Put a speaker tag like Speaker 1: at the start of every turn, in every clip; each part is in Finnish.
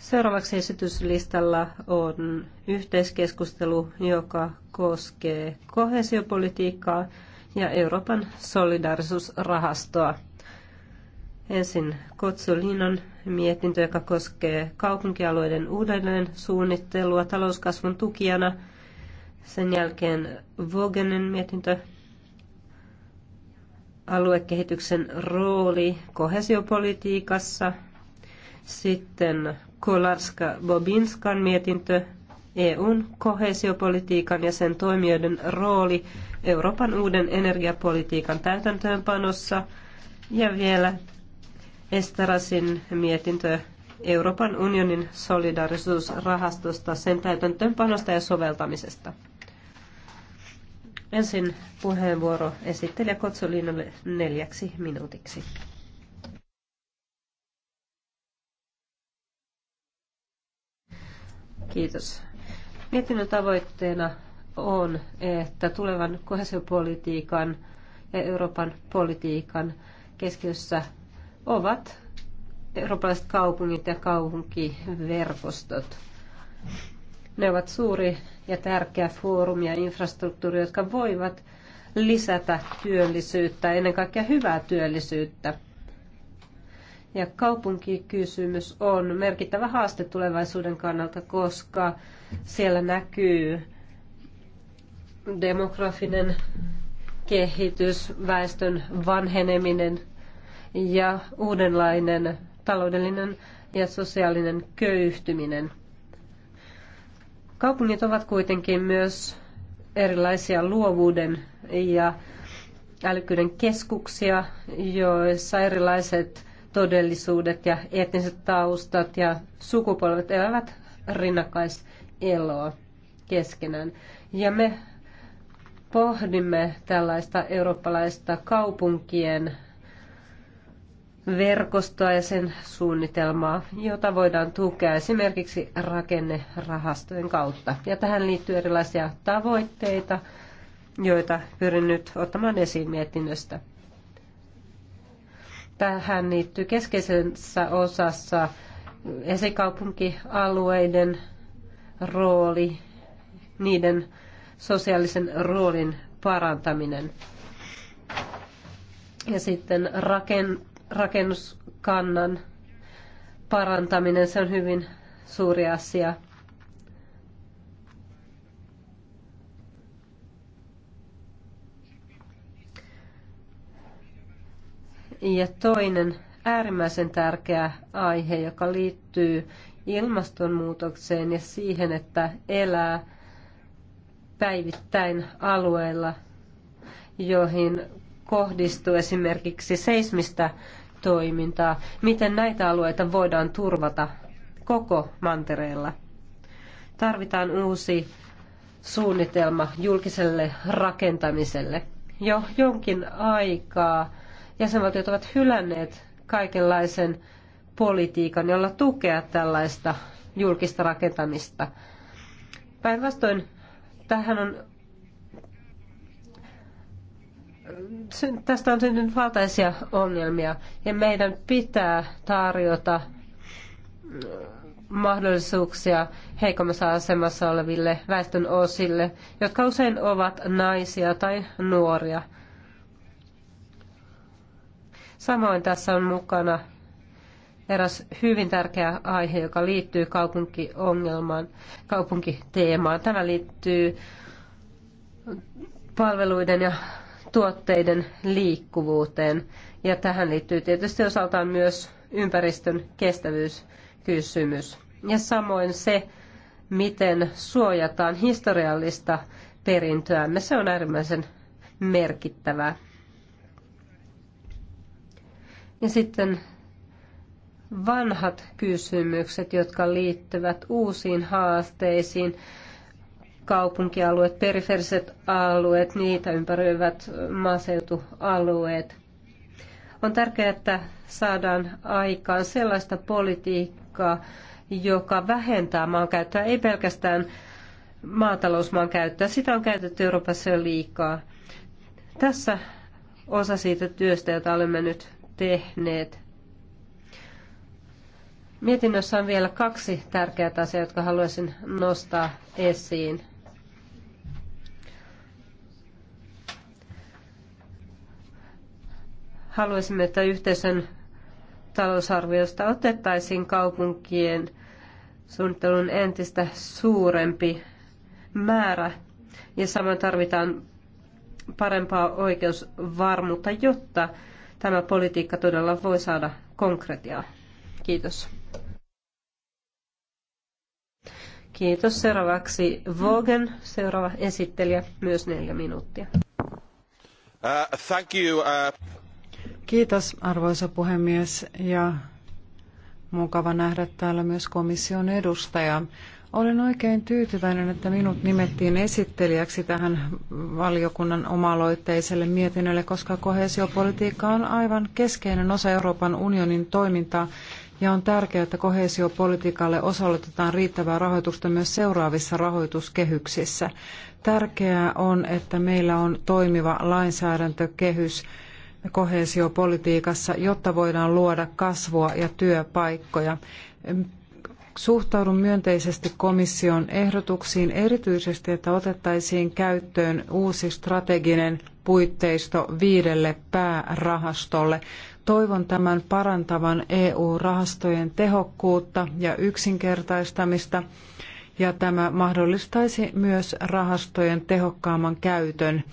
Speaker 1: Seuraavaksi esityslistalla on yhteiskeskustelu, joka koskee kohesiopolitiikkaa ja Euroopan solidarisuusrahastoa. Ensin Kotsolinon mietintö, joka koskee kaupunkialueiden uudelleen suunnittelua talouskasvun tukijana. Sen jälkeen Vogenen mietintö, aluekehityksen rooli kohesiopolitiikassa – sitten Kolarska-Bobinskan mietintö EUn kohesiopolitiikan ja sen toimijoiden rooli Euroopan uuden energiapolitiikan täytäntöönpanossa ja vielä Estarasin mietintö Euroopan unionin solidarisuusrahastosta, sen täytäntöönpanosta ja soveltamisesta. Ensin puheenvuoro esittelijä Kotsolinalle neljäksi minuutiksi. Kiitos. Mietinnön tavoitteena on, että tulevan kohesiopolitiikan ja Euroopan politiikan keskiössä ovat eurooppalaiset kaupungit ja kaupunkiverkostot. Ne ovat suuri ja tärkeä foorumi ja infrastruktuuri, jotka voivat lisätä työllisyyttä, ennen kaikkea hyvää työllisyyttä. Ja kaupunkikysymys on merkittävä haaste tulevaisuuden kannalta, koska siellä näkyy demografinen kehitys, väestön vanheneminen ja uudenlainen taloudellinen ja sosiaalinen köyhtyminen. Kaupungit ovat kuitenkin myös erilaisia luovuuden ja älykkyyden keskuksia, joissa erilaiset todellisuudet ja etniset taustat ja sukupolvet elävät rinnakkaiseloa keskenään. Ja me pohdimme tällaista eurooppalaista kaupunkien verkostoa ja sen suunnitelmaa, jota voidaan tukea esimerkiksi rakennerahastojen kautta. Ja tähän liittyy erilaisia tavoitteita, joita pyrin nyt ottamaan esiin mietinnöstä. Tähän liittyy keskeisessä osassa esikaupunkialueiden rooli, niiden sosiaalisen roolin parantaminen. Ja sitten raken, rakennuskannan parantaminen, se on hyvin suuri asia. Ja toinen äärimmäisen tärkeä aihe, joka liittyy ilmastonmuutokseen ja siihen, että elää päivittäin alueilla, joihin kohdistuu esimerkiksi seismistä toimintaa. Miten näitä alueita voidaan turvata koko mantereella? Tarvitaan uusi suunnitelma julkiselle rakentamiselle. Jo jonkin aikaa Jäsenvaltiot ovat hylänneet kaikenlaisen politiikan, jolla tukea tällaista julkista rakentamista. Päinvastoin tähän on tästä on syntynyt valtaisia ongelmia ja meidän pitää tarjota mm, mahdollisuuksia heikommassa asemassa oleville väestön osille, jotka usein ovat naisia tai nuoria – Samoin tässä on mukana eräs hyvin tärkeä aihe, joka liittyy kaupunkiongelmaan, kaupunkiteemaan. Tämä liittyy palveluiden ja tuotteiden liikkuvuuteen. Ja tähän liittyy tietysti osaltaan myös ympäristön kestävyyskysymys. Ja samoin se, miten suojataan historiallista perintöämme, se on äärimmäisen merkittävää. Ja sitten vanhat kysymykset, jotka liittyvät uusiin haasteisiin, kaupunkialueet, periferiset alueet, niitä ympäröivät maaseutualueet. On tärkeää, että saadaan aikaan sellaista politiikkaa, joka vähentää maankäyttöä, ei pelkästään maatalousmaankäyttöä. Sitä on käytetty Euroopassa jo liikaa. Tässä osa siitä työstä, jota olemme nyt tehneet. Mietinnössä on vielä kaksi tärkeää asiaa, jotka haluaisin nostaa esiin. Haluaisimme, että yhteisön talousarviosta otettaisiin kaupunkien suunnittelun entistä suurempi määrä ja samoin tarvitaan parempaa oikeusvarmuutta, jotta tämä politiikka todella voi saada konkretiaa. Kiitos. Kiitos. Seuraavaksi Vogen, seuraava esittelijä, myös neljä minuuttia.
Speaker 2: Uh, thank you, uh...
Speaker 1: Kiitos arvoisa
Speaker 2: puhemies ja mukava nähdä täällä myös komission edustaja. Olen oikein tyytyväinen, että minut nimettiin esittelijäksi tähän valiokunnan omaloitteiselle mietinnölle, koska koheesiopolitiikka on aivan keskeinen osa Euroopan unionin toimintaa ja on tärkeää, että koheesiopolitiikalle osoitetaan riittävää rahoitusta myös seuraavissa rahoituskehyksissä. Tärkeää on, että meillä on toimiva lainsäädäntökehys koheesiopolitiikassa, jotta voidaan luoda kasvua ja työpaikkoja Suhtaudun myönteisesti komission ehdotuksiin erityisesti, että otettaisiin käyttöön uusi strateginen puitteisto viidelle päärahastolle. Toivon tämän parantavan EU-rahastojen tehokkuutta ja yksinkertaistamista ja tämä mahdollistaisi myös rahastojen tehokkaamman käytön.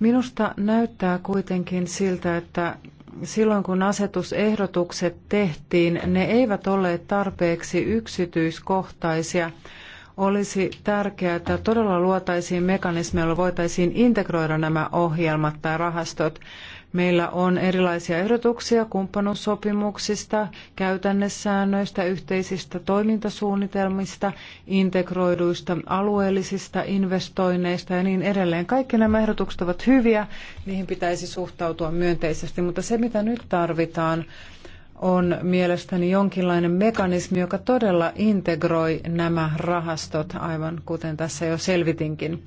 Speaker 2: Minusta näyttää kuitenkin siltä, että silloin kun asetusehdotukset tehtiin, ne eivät olleet tarpeeksi yksityiskohtaisia. Olisi tärkeää, että todella luotaisiin mekanismi, jolla voitaisiin integroida nämä ohjelmat tai rahastot. Meillä on erilaisia ehdotuksia kumppanuussopimuksista, käytännessäännöistä, yhteisistä toimintasuunnitelmista, integroiduista alueellisista investoinneista ja niin edelleen. Kaikki nämä ehdotukset ovat hyviä, niihin pitäisi suhtautua myönteisesti, mutta se mitä nyt tarvitaan on mielestäni jonkinlainen mekanismi, joka todella integroi nämä rahastot, aivan kuten tässä jo selvitinkin.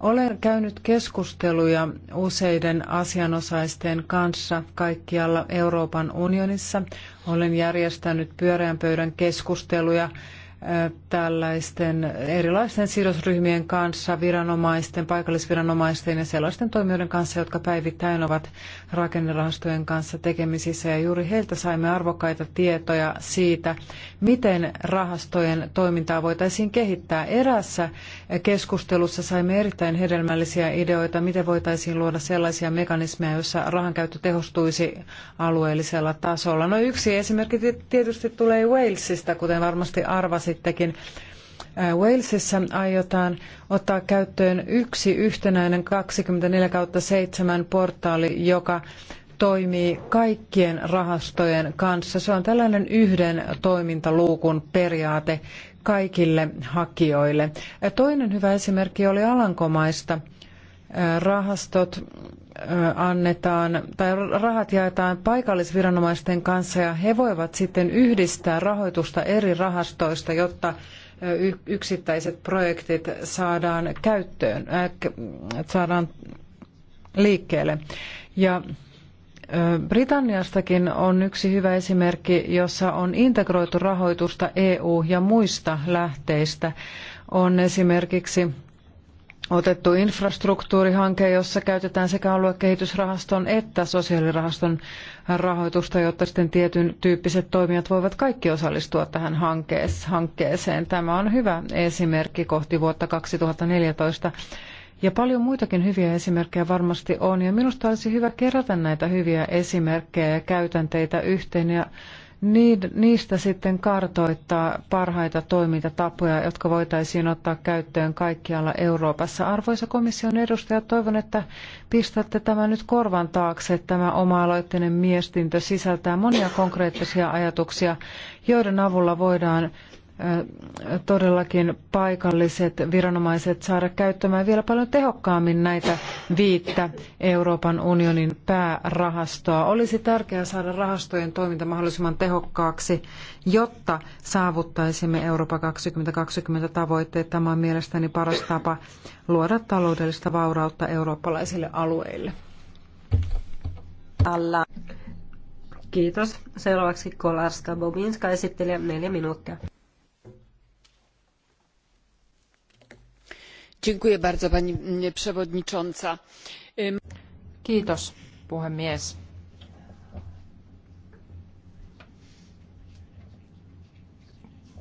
Speaker 2: Olen käynyt keskusteluja useiden asianosaisten kanssa kaikkialla Euroopan unionissa. Olen järjestänyt pyöreän pöydän keskusteluja tällaisten erilaisten sidosryhmien kanssa, viranomaisten, paikallisviranomaisten ja sellaisten toimijoiden kanssa, jotka päivittäin ovat rakennerahastojen kanssa tekemisissä. Ja juuri heiltä saimme arvokkaita tietoja siitä, miten rahastojen toimintaa voitaisiin kehittää. Erässä keskustelussa saimme erittäin hedelmällisiä ideoita, miten voitaisiin luoda sellaisia mekanismeja, joissa rahankäyttö tehostuisi alueellisella tasolla. No yksi esimerkki tietysti tulee Walesista, kuten varmasti arvasit sittenkin. Äh, Walesissa aiotaan ottaa käyttöön yksi yhtenäinen 24 7 portaali, joka toimii kaikkien rahastojen kanssa. Se on tällainen yhden toimintaluukun periaate kaikille hakijoille. Toinen hyvä esimerkki oli Alankomaista. Äh, rahastot annetaan tai rahat jaetaan paikallisviranomaisten kanssa ja he voivat sitten yhdistää rahoitusta eri rahastoista, jotta yksittäiset projektit saadaan käyttöön, saadaan liikkeelle. Ja Britanniastakin on yksi hyvä esimerkki, jossa on integroitu rahoitusta EU- ja muista lähteistä. On esimerkiksi otettu infrastruktuurihanke, jossa käytetään sekä aluekehitysrahaston että sosiaalirahaston rahoitusta, jotta sitten tietyn tyyppiset toimijat voivat kaikki osallistua tähän hankkeeseen. Tämä on hyvä esimerkki kohti vuotta 2014. Ja paljon muitakin hyviä esimerkkejä varmasti on, ja minusta olisi hyvä kerätä näitä hyviä esimerkkejä ja käytänteitä yhteen ja niistä sitten kartoittaa parhaita toimintatapoja, jotka voitaisiin ottaa käyttöön kaikkialla Euroopassa. Arvoisa komission edustaja, toivon, että pistätte tämän nyt korvan taakse. Tämä oma-aloitteinen miestintö sisältää monia konkreettisia ajatuksia, joiden avulla voidaan todellakin paikalliset viranomaiset saada käyttämään vielä paljon tehokkaammin näitä viittä Euroopan unionin päärahastoa. Olisi tärkeää saada rahastojen toiminta mahdollisimman tehokkaaksi, jotta saavuttaisimme Eurooppa 2020 tavoitteet. Tämä on mielestäni paras tapa luoda taloudellista vaurautta eurooppalaisille
Speaker 1: alueille. Alla. Kiitos. Seuraavaksi Kolarska Bobinska esittelee neljä minuuttia. pani przewodnicząca!
Speaker 3: kiitos puhemies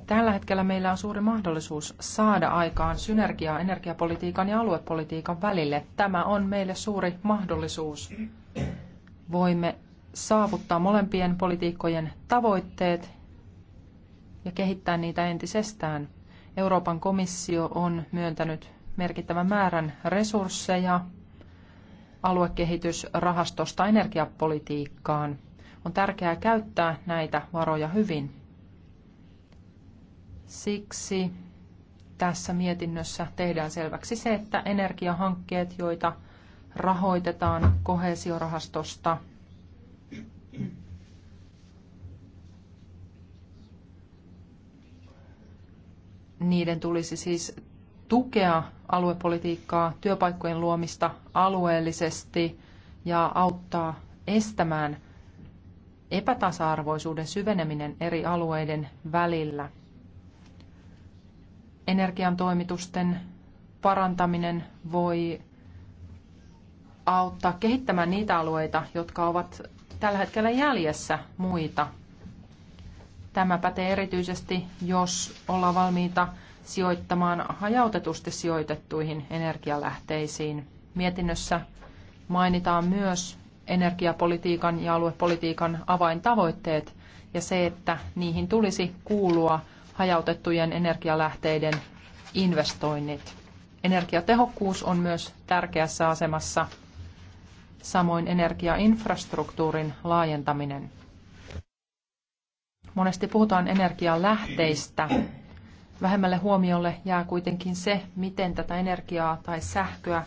Speaker 4: tällä hetkellä meillä on suuri mahdollisuus saada aikaan synergiaa energiapolitiikan ja aluepolitiikan välille. Tämä on meille suuri mahdollisuus. Voimme saavuttaa molempien politiikkojen tavoitteet ja kehittää niitä entisestään. Euroopan komissio on myöntänyt merkittävän määrän resursseja aluekehitysrahastosta energiapolitiikkaan. On tärkeää käyttää näitä varoja hyvin. Siksi tässä mietinnössä tehdään selväksi se, että energiahankkeet, joita rahoitetaan kohesiorahastosta, niiden tulisi siis tukea aluepolitiikkaa, työpaikkojen luomista alueellisesti ja auttaa estämään epätasa-arvoisuuden syveneminen eri alueiden välillä. Energiantoimitusten parantaminen voi auttaa kehittämään niitä alueita, jotka ovat tällä hetkellä jäljessä muita. Tämä pätee erityisesti, jos ollaan valmiita sijoittamaan hajautetusti sijoitettuihin energialähteisiin. Mietinnössä mainitaan myös energiapolitiikan ja aluepolitiikan avaintavoitteet ja se, että niihin tulisi kuulua hajautettujen energialähteiden investoinnit. Energiatehokkuus on myös tärkeässä asemassa, samoin energiainfrastruktuurin laajentaminen. Monesti puhutaan energialähteistä, Vähemmälle huomiolle jää kuitenkin se, miten tätä energiaa tai sähköä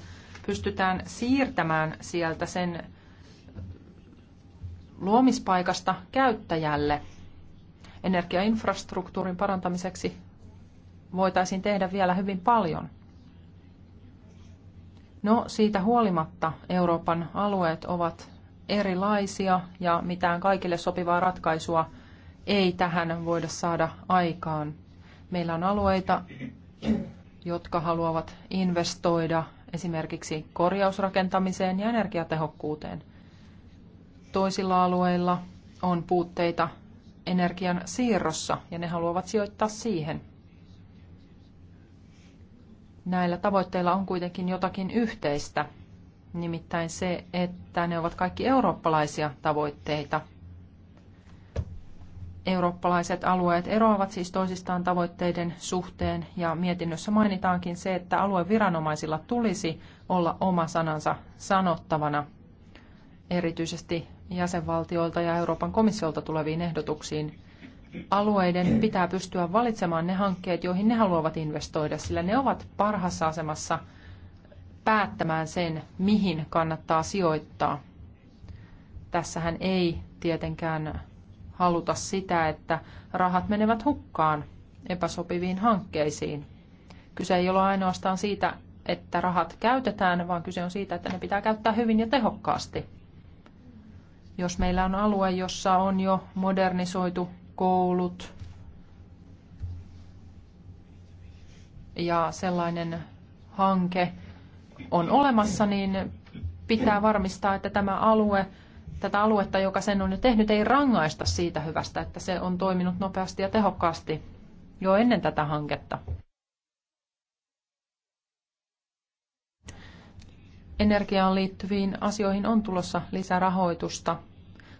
Speaker 4: pystytään siirtämään sieltä sen luomispaikasta käyttäjälle. Energiainfrastruktuurin parantamiseksi voitaisiin tehdä vielä hyvin paljon. No, siitä huolimatta Euroopan alueet ovat erilaisia ja mitään kaikille sopivaa ratkaisua ei tähän voida saada aikaan. Meillä on alueita, jotka haluavat investoida esimerkiksi korjausrakentamiseen ja energiatehokkuuteen. Toisilla alueilla on puutteita energian siirrossa ja ne haluavat sijoittaa siihen. Näillä tavoitteilla on kuitenkin jotakin yhteistä, nimittäin se, että ne ovat kaikki eurooppalaisia tavoitteita – eurooppalaiset alueet eroavat siis toisistaan tavoitteiden suhteen ja mietinnössä mainitaankin se, että alueviranomaisilla tulisi olla oma sanansa sanottavana erityisesti jäsenvaltioilta ja Euroopan komissiolta tuleviin ehdotuksiin. Alueiden pitää pystyä valitsemaan ne hankkeet, joihin ne haluavat investoida, sillä ne ovat parhassa asemassa päättämään sen, mihin kannattaa sijoittaa. Tässähän ei tietenkään haluta sitä, että rahat menevät hukkaan epäsopiviin hankkeisiin. Kyse ei ole ainoastaan siitä, että rahat käytetään, vaan kyse on siitä, että ne pitää käyttää hyvin ja tehokkaasti. Jos meillä on alue, jossa on jo modernisoitu koulut ja sellainen hanke on olemassa, niin pitää varmistaa, että tämä alue tätä aluetta, joka sen on jo tehnyt, ei rangaista siitä hyvästä, että se on toiminut nopeasti ja tehokkaasti jo ennen tätä hanketta. Energiaan liittyviin asioihin on tulossa lisärahoitusta.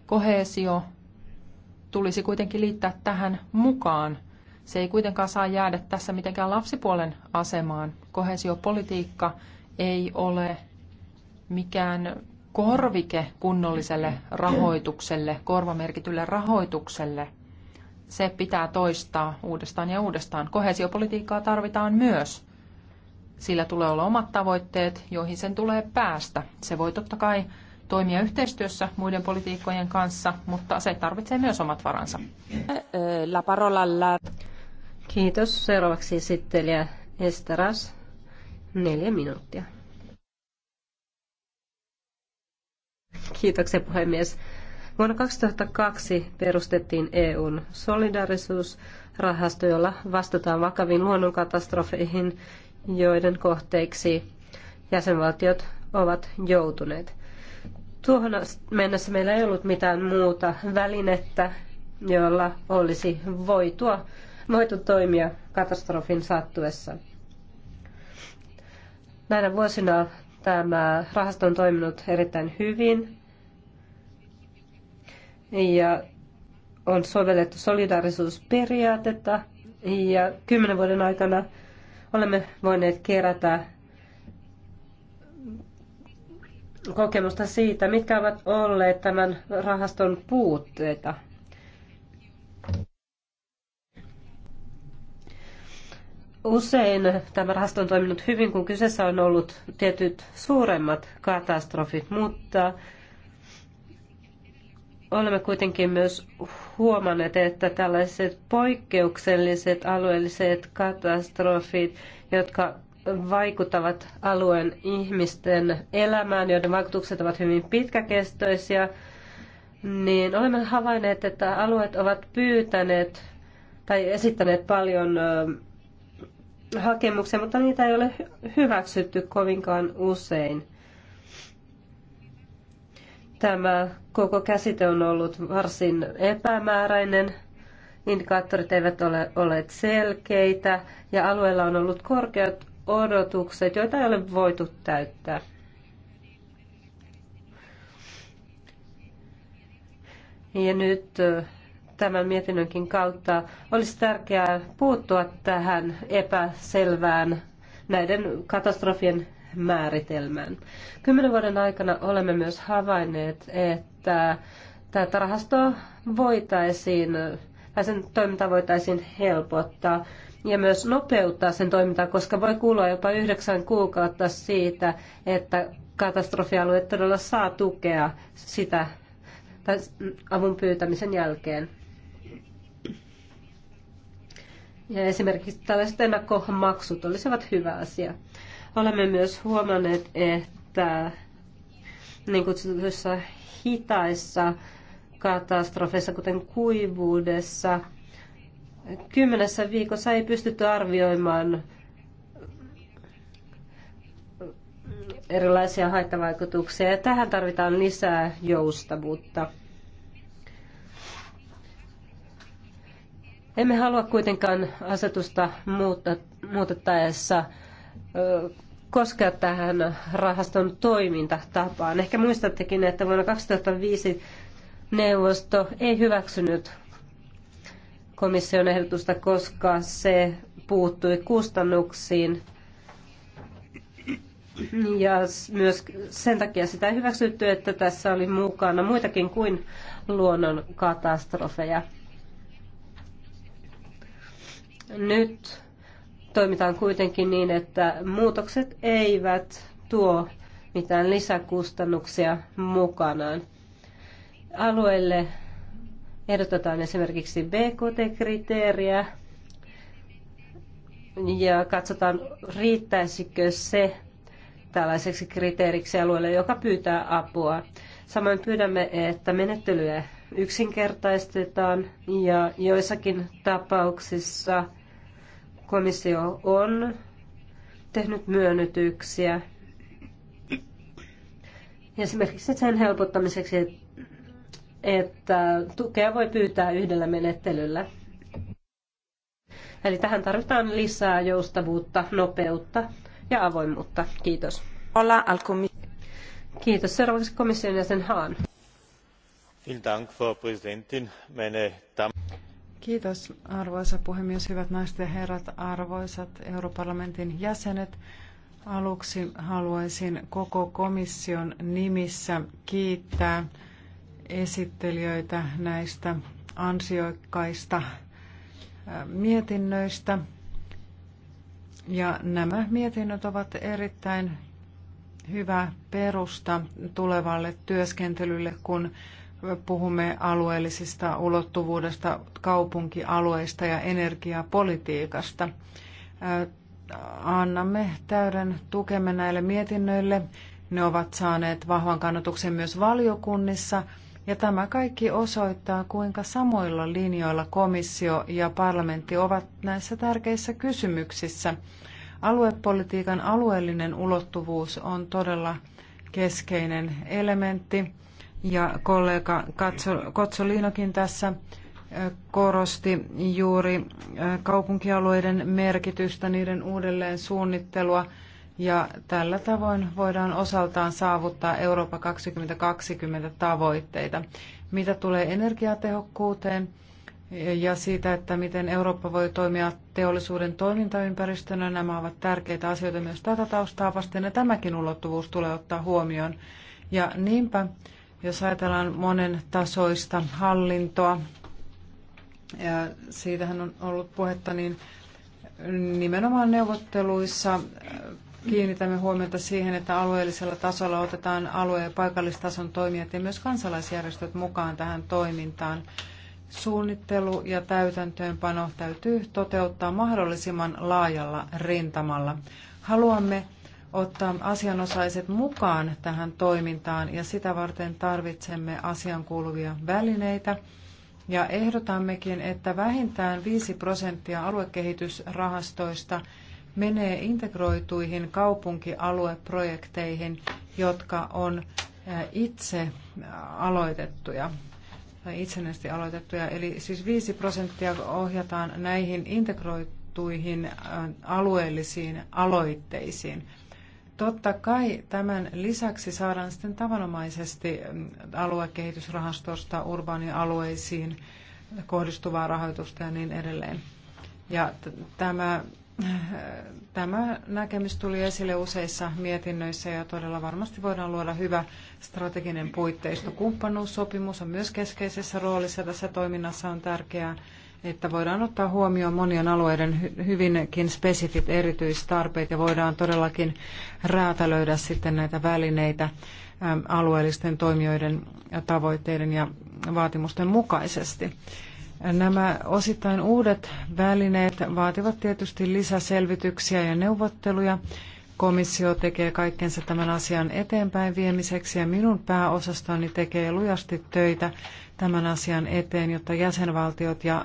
Speaker 4: Kohesio tulisi kuitenkin liittää tähän mukaan. Se ei kuitenkaan saa jäädä tässä mitenkään lapsipuolen asemaan. Kohesiopolitiikka ei ole mikään korvike kunnolliselle rahoitukselle, korvamerkitylle rahoitukselle. Se pitää toistaa uudestaan ja uudestaan. Kohesiopolitiikkaa tarvitaan myös. Sillä tulee olla omat tavoitteet, joihin sen tulee päästä. Se voi totta kai toimia yhteistyössä muiden politiikkojen kanssa, mutta se tarvitsee
Speaker 1: myös omat varansa. La Kiitos. Seuraavaksi esittelijä Esteras. Neljä minuuttia. Kiitoksia puhemies. Vuonna 2002 perustettiin EUn solidarisuusrahasto, jolla vastataan vakaviin luonnonkatastrofeihin, joiden kohteiksi jäsenvaltiot ovat joutuneet. Tuohon mennessä meillä ei ollut mitään muuta välinettä, jolla olisi voitua, voitu toimia katastrofin sattuessa. Näinä vuosina Tämä rahasto on toiminut erittäin hyvin ja on sovellettu solidaarisuusperiaatetta ja kymmenen vuoden aikana olemme voineet kerätä kokemusta siitä, mitkä ovat olleet tämän rahaston puutteita – Usein tämä rahasto on toiminut hyvin, kun kyseessä on ollut tietyt suuremmat katastrofit, mutta olemme kuitenkin myös huomanneet, että tällaiset poikkeukselliset alueelliset katastrofit, jotka vaikuttavat alueen ihmisten elämään, joiden vaikutukset ovat hyvin pitkäkestoisia, niin olemme havainneet, että alueet ovat pyytäneet tai esittäneet paljon hakemuksia, mutta niitä ei ole hyväksytty kovinkaan usein. Tämä koko käsite on ollut varsin epämääräinen, indikaattorit eivät ole olleet selkeitä ja alueella on ollut korkeat odotukset, joita ei ole voitu täyttää. Ja nyt tämän mietinnönkin kautta olisi tärkeää puuttua tähän epäselvään näiden katastrofien määritelmään. Kymmenen vuoden aikana olemme myös havainneet, että tätä rahastoa voitaisiin, tai sen toimintaa voitaisiin helpottaa ja myös nopeuttaa sen toimintaa, koska voi kulua jopa yhdeksän kuukautta siitä, että katastrofialue todella saa tukea sitä avun pyytämisen jälkeen. Ja esimerkiksi tällaiset ennakkomaksut olisivat hyvä asia. Olemme myös huomanneet, että niin kutsutuissa hitaissa katastrofeissa, kuten kuivuudessa, kymmenessä viikossa ei pystytty arvioimaan erilaisia haittavaikutuksia ja tähän tarvitaan lisää joustavuutta. Emme halua kuitenkaan asetusta muutettaessa koskea tähän rahaston toimintatapaan. Ehkä muistattekin, että vuonna 2005 neuvosto ei hyväksynyt komission ehdotusta, koska se puuttui kustannuksiin. Ja myös sen takia sitä ei hyväksytty, että tässä oli mukana muitakin kuin luonnon katastrofeja. Nyt toimitaan kuitenkin niin, että muutokset eivät tuo mitään lisäkustannuksia mukanaan. Alueelle ehdotetaan esimerkiksi BKT-kriteeriä ja katsotaan, riittäisikö se tällaiseksi kriteeriksi alueelle, joka pyytää apua. Samoin pyydämme, että menettelyä yksinkertaistetaan ja joissakin tapauksissa – Komissio on tehnyt myönnytyksiä esimerkiksi sen helpottamiseksi, että tukea voi pyytää yhdellä menettelyllä. Eli tähän tarvitaan lisää joustavuutta, nopeutta ja avoimuutta. Kiitos. Olla alkum... Kiitos. Seuraavaksi komission jäsen Haan.
Speaker 5: Vielen Dank, Frau Präsidentin, meine Damen
Speaker 2: Kiitos arvoisa puhemies, hyvät naiset ja herrat, arvoisat europarlamentin jäsenet. Aluksi haluaisin koko komission nimissä kiittää esittelijöitä näistä ansiokkaista äh, mietinnöistä. Ja nämä mietinnöt ovat erittäin hyvä perusta tulevalle työskentelylle, kun puhumme alueellisesta ulottuvuudesta, kaupunkialueista ja energiapolitiikasta. Annamme täyden tukemme näille mietinnöille. Ne ovat saaneet vahvan kannatuksen myös valiokunnissa. Ja tämä kaikki osoittaa, kuinka samoilla linjoilla komissio ja parlamentti ovat näissä tärkeissä kysymyksissä. Aluepolitiikan alueellinen ulottuvuus on todella keskeinen elementti ja kollega Kotsoliinokin tässä korosti juuri kaupunkialueiden merkitystä, niiden uudelleen suunnittelua ja tällä tavoin voidaan osaltaan saavuttaa Eurooppa 2020 tavoitteita. Mitä tulee energiatehokkuuteen ja siitä, että miten Eurooppa voi toimia teollisuuden toimintaympäristönä, nämä ovat tärkeitä asioita myös tätä taustaa vasten ja tämäkin ulottuvuus tulee ottaa huomioon. Ja niinpä jos ajatellaan monen tasoista hallintoa, ja siitähän on ollut puhetta, niin nimenomaan neuvotteluissa äh, kiinnitämme huomiota siihen, että alueellisella tasolla otetaan alue- ja paikallistason toimijat ja myös kansalaisjärjestöt mukaan tähän toimintaan. Suunnittelu ja täytäntöönpano täytyy toteuttaa mahdollisimman laajalla rintamalla. Haluamme ottaa asianosaiset mukaan tähän toimintaan ja sitä varten tarvitsemme asian kuuluvia välineitä. Ja ehdotammekin, että vähintään 5 prosenttia aluekehitysrahastoista menee integroituihin kaupunkialueprojekteihin, jotka on eh, itse aloitettuja tai itsenäisesti aloitettuja. Eli siis 5 prosenttia ohjataan näihin integroituihin eh, alueellisiin aloitteisiin. Totta kai tämän lisäksi saadaan sitten tavanomaisesti mm, aluekehitysrahastosta urbaanialueisiin kohdistuvaa rahoitusta ja niin edelleen. Ja tämä, äh, tämä näkemys tuli esille useissa mietinnöissä ja todella varmasti voidaan luoda hyvä strateginen puitteisto. Kumppanuussopimus on myös keskeisessä roolissa tässä toiminnassa on tärkeää että voidaan ottaa huomioon monien alueiden hyvinkin spesifit erityistarpeet ja voidaan todellakin räätälöidä sitten näitä välineitä alueellisten toimijoiden ja tavoitteiden ja vaatimusten mukaisesti. Nämä osittain uudet välineet vaativat tietysti lisäselvityksiä ja neuvotteluja. Komissio tekee kaikkensa tämän asian eteenpäin viemiseksi ja minun pääosastoni tekee lujasti töitä tämän asian eteen, jotta jäsenvaltiot ja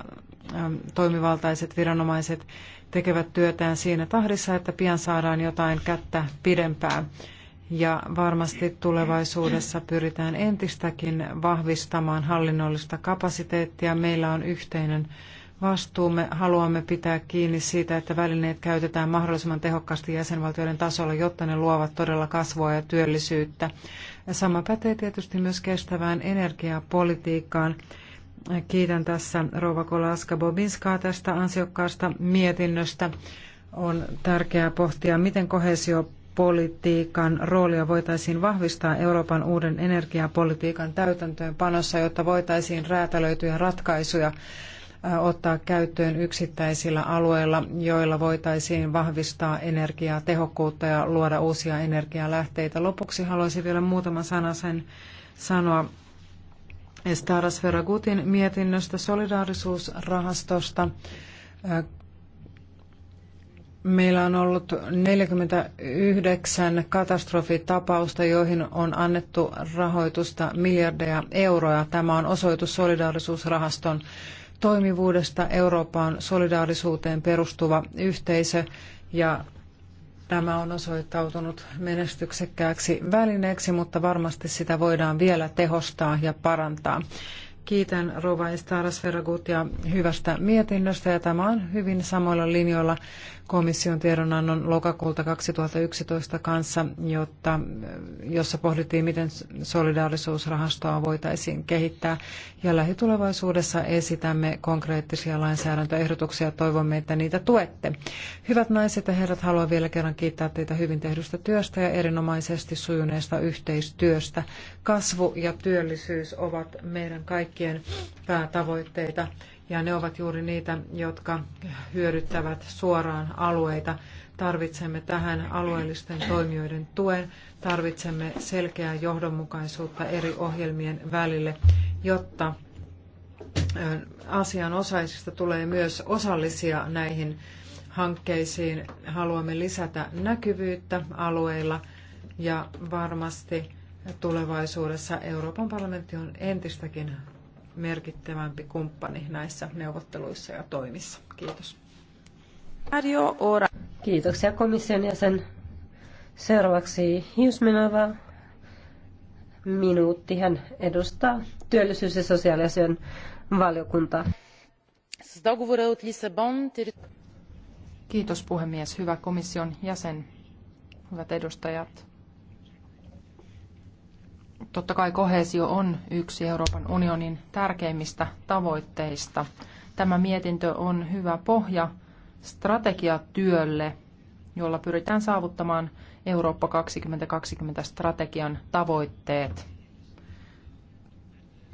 Speaker 2: toimivaltaiset viranomaiset tekevät työtään siinä tahdissa, että pian saadaan jotain kättä pidempää. Ja varmasti tulevaisuudessa pyritään entistäkin vahvistamaan hallinnollista kapasiteettia. Meillä on yhteinen vastuumme. Haluamme pitää kiinni siitä, että välineet käytetään mahdollisimman tehokkaasti jäsenvaltioiden tasolla, jotta ne luovat todella kasvua ja työllisyyttä. Ja sama pätee tietysti myös kestävään energiapolitiikkaan. Kiitän tässä Rouva Kolaska Bobinskaa tästä ansiokkaasta mietinnöstä. On tärkeää pohtia, miten koheesiopolitiikan roolia voitaisiin vahvistaa Euroopan uuden energiapolitiikan täytäntöönpanossa, jotta voitaisiin räätälöityjä ratkaisuja ottaa käyttöön yksittäisillä alueilla, joilla voitaisiin vahvistaa energiatehokkuutta ja luoda uusia energialähteitä. Lopuksi haluaisin vielä muutama sana sen sanoa Staras Ferragutin mietinnöstä solidaarisuusrahastosta. Meillä on ollut 49 katastrofitapausta, joihin on annettu rahoitusta miljardeja euroja. Tämä on osoitus solidaarisuusrahaston toimivuudesta. Eurooppa on solidaarisuuteen perustuva yhteisö ja tämä on osoittautunut menestyksekkääksi välineeksi, mutta varmasti sitä voidaan vielä tehostaa ja parantaa. Kiitän Rova Estaras Ferragutia hyvästä mietinnöstä ja tämä on hyvin samoilla linjoilla komission tiedonannon lokakuulta 2011 kanssa, jotta, jossa pohdittiin, miten solidaarisuusrahastoa voitaisiin kehittää. Ja lähitulevaisuudessa esitämme konkreettisia lainsäädäntöehdotuksia. Toivomme, että niitä tuette. Hyvät naiset ja herrat, haluan vielä kerran kiittää teitä hyvin tehdystä työstä ja erinomaisesti sujuneesta yhteistyöstä. Kasvu ja työllisyys ovat meidän kaikkien päätavoitteita ja ne ovat juuri niitä, jotka hyödyttävät suoraan alueita. Tarvitsemme tähän alueellisten toimijoiden tuen, tarvitsemme selkeää johdonmukaisuutta eri ohjelmien välille, jotta asianosaisista tulee myös osallisia näihin hankkeisiin. Haluamme lisätä näkyvyyttä alueilla ja varmasti tulevaisuudessa Euroopan parlamentti on entistäkin merkittävämpi kumppani näissä neuvotteluissa ja toimissa. Kiitos.
Speaker 5: Radio Ora.
Speaker 1: Kiitoksia komission jäsen. Seuraavaksi Hiusminova. Minuutti. Hän edustaa työllisyys- ja sosiaaliasian valiokuntaa. Kiitos puhemies.
Speaker 4: Hyvä komission jäsen. Hyvät edustajat. Totta kai kohesio on yksi Euroopan unionin tärkeimmistä tavoitteista. Tämä mietintö on hyvä pohja strategiatyölle, jolla pyritään saavuttamaan Eurooppa 2020 strategian tavoitteet.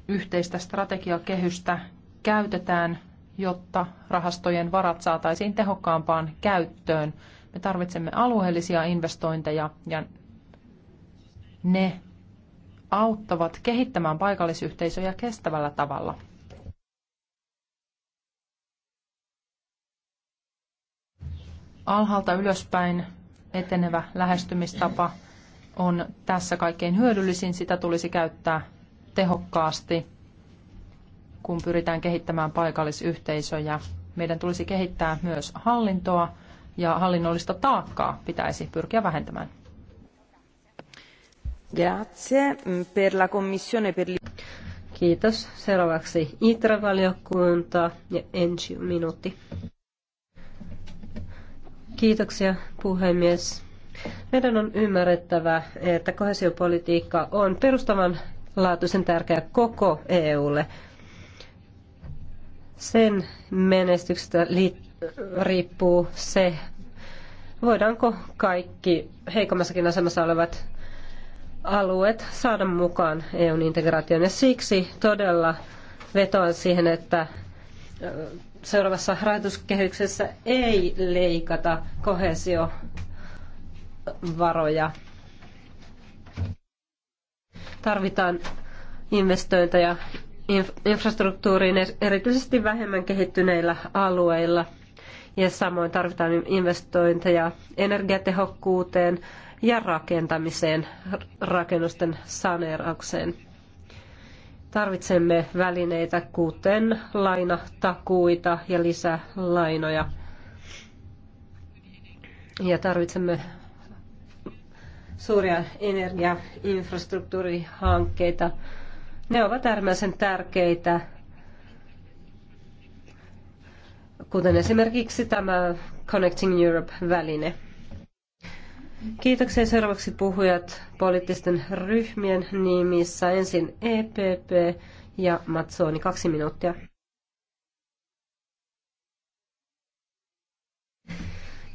Speaker 4: Yhteistä strategiakehystä käytetään, jotta rahastojen varat saataisiin tehokkaampaan käyttöön. Me tarvitsemme alueellisia investointeja ja ne auttavat kehittämään paikallisyhteisöjä kestävällä tavalla. Alhaalta ylöspäin etenevä lähestymistapa on tässä kaikkein hyödyllisin. Sitä tulisi käyttää tehokkaasti, kun pyritään kehittämään paikallisyhteisöjä. Meidän tulisi kehittää myös hallintoa ja hallinnollista taakkaa pitäisi pyrkiä vähentämään.
Speaker 1: Grazie mm, Kiitos. Seuraavaksi ITRA-valiokunta ja ensi minuutti. Kiitoksia puhemies. Meidän on ymmärrettävä, että kohesiopolitiikka on perustavanlaatuisen tärkeä koko EUlle. Sen menestyksestä riippuu se, voidaanko kaikki heikommassakin asemassa olevat alueet saada mukaan EUn integraatioon. Ja siksi todella vetoan siihen, että seuraavassa rahoituskehyksessä ei leikata kohesiovaroja. Tarvitaan investointeja infrastruktuuriin e-, erityisesti vähemmän kehittyneillä alueilla. Ja samoin tarvitaan investointeja energiatehokkuuteen, ja rakentamiseen, rakennusten saneeraukseen. Tarvitsemme välineitä kuten lainatakuita ja lisälainoja. Ja tarvitsemme suuria energiainfrastruktuurihankkeita. Ne ovat äärimmäisen tärkeitä, kuten esimerkiksi tämä Connecting Europe-väline. Kiitoksia seuraavaksi puhujat poliittisten ryhmien nimissä. Ensin EPP ja Matsoni, kaksi minuuttia.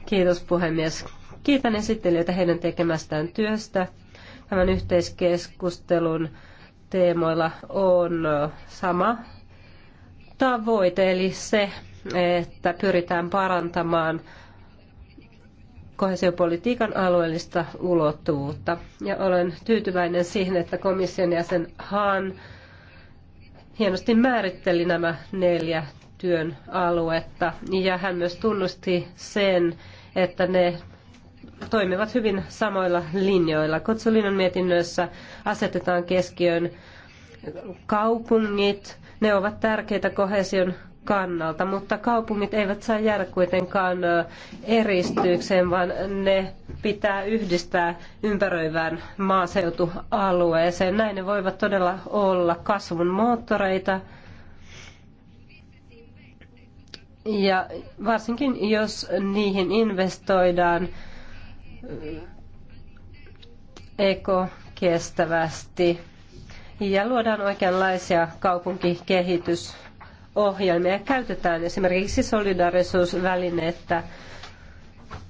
Speaker 1: Kiitos puhemies. Kiitän esittelijöitä heidän tekemästään työstä. Tämän yhteiskeskustelun teemoilla on sama tavoite, eli se, että pyritään parantamaan kohesiopolitiikan alueellista ulottuvuutta. Ja olen tyytyväinen siihen, että komission jäsen Hahn hienosti määritteli nämä neljä työn aluetta. Ja hän myös tunnusti sen, että ne toimivat hyvin samoilla linjoilla. Kotsulinnan mietinnössä asetetaan keskiöön kaupungit. Ne ovat tärkeitä kohesion kannalta, mutta kaupungit eivät saa jäädä kuitenkaan eristyykseen, vaan ne pitää yhdistää ympäröivään maaseutualueeseen. Näin ne voivat todella olla kasvun moottoreita. Ja varsinkin jos niihin investoidaan ekokestävästi ja luodaan oikeanlaisia kaupunkikehitys ohjelmia käytetään esimerkiksi solidarisuusvälinettä